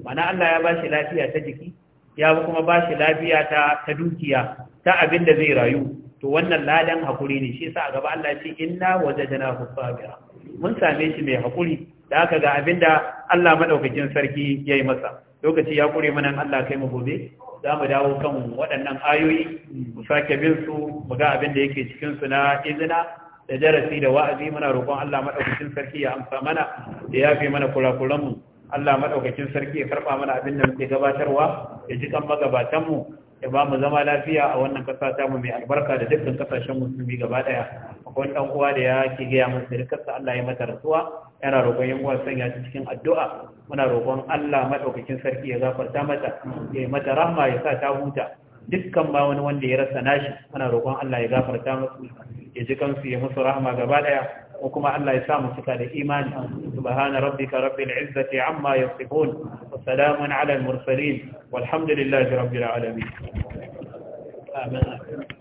mana Allah ya bashi shi lafiya ta jiki ya kuma ba shi lafiya ta ta dukiya ta abin da zai rayu to wannan ladan hakuri ne shi yasa a gaba Allah ya ce inna wajadnahu fasabira mun same shi mai hakuri da aka ga abin da Allah madaukakin sarki ya yi masa lokaci ya kure mana Allah kai mu gobe za mu dawo kan waɗannan ayoyi mu sake bin su mu ga abin da yake cikin su na izina da darasi da wa'azi muna roƙon Allah madaukakin sarki ya amsa mana da ya fi mana kurakuran Allah madaukakin sarki ya karɓa mana abin da muke gabatarwa ya ji kan magabatanmu ya ba mu zama lafiya a wannan kasa ta mu mai albarka da dukkan kasashen musulmi gaba ɗaya. akwai ɗan uwa da ya ke gaya mun kasa Allah ya mata rasuwa yana roƙon yan uwa sanya shi cikin addu'a muna roƙon Allah madaukakin sarki ya gafarta mata ya mata rahma ya sa ta huta dukkan ba wani wanda ya rasa nashi muna roƙon Allah ya gafarta musu ya ji kansu ya musu rahma gaba daya ko kuma Allah ya sa mu cika da imani subhana rabbika rabbil izzati amma yasifun wa salamun ala al mursalin walhamdulillahi rabbil alamin amin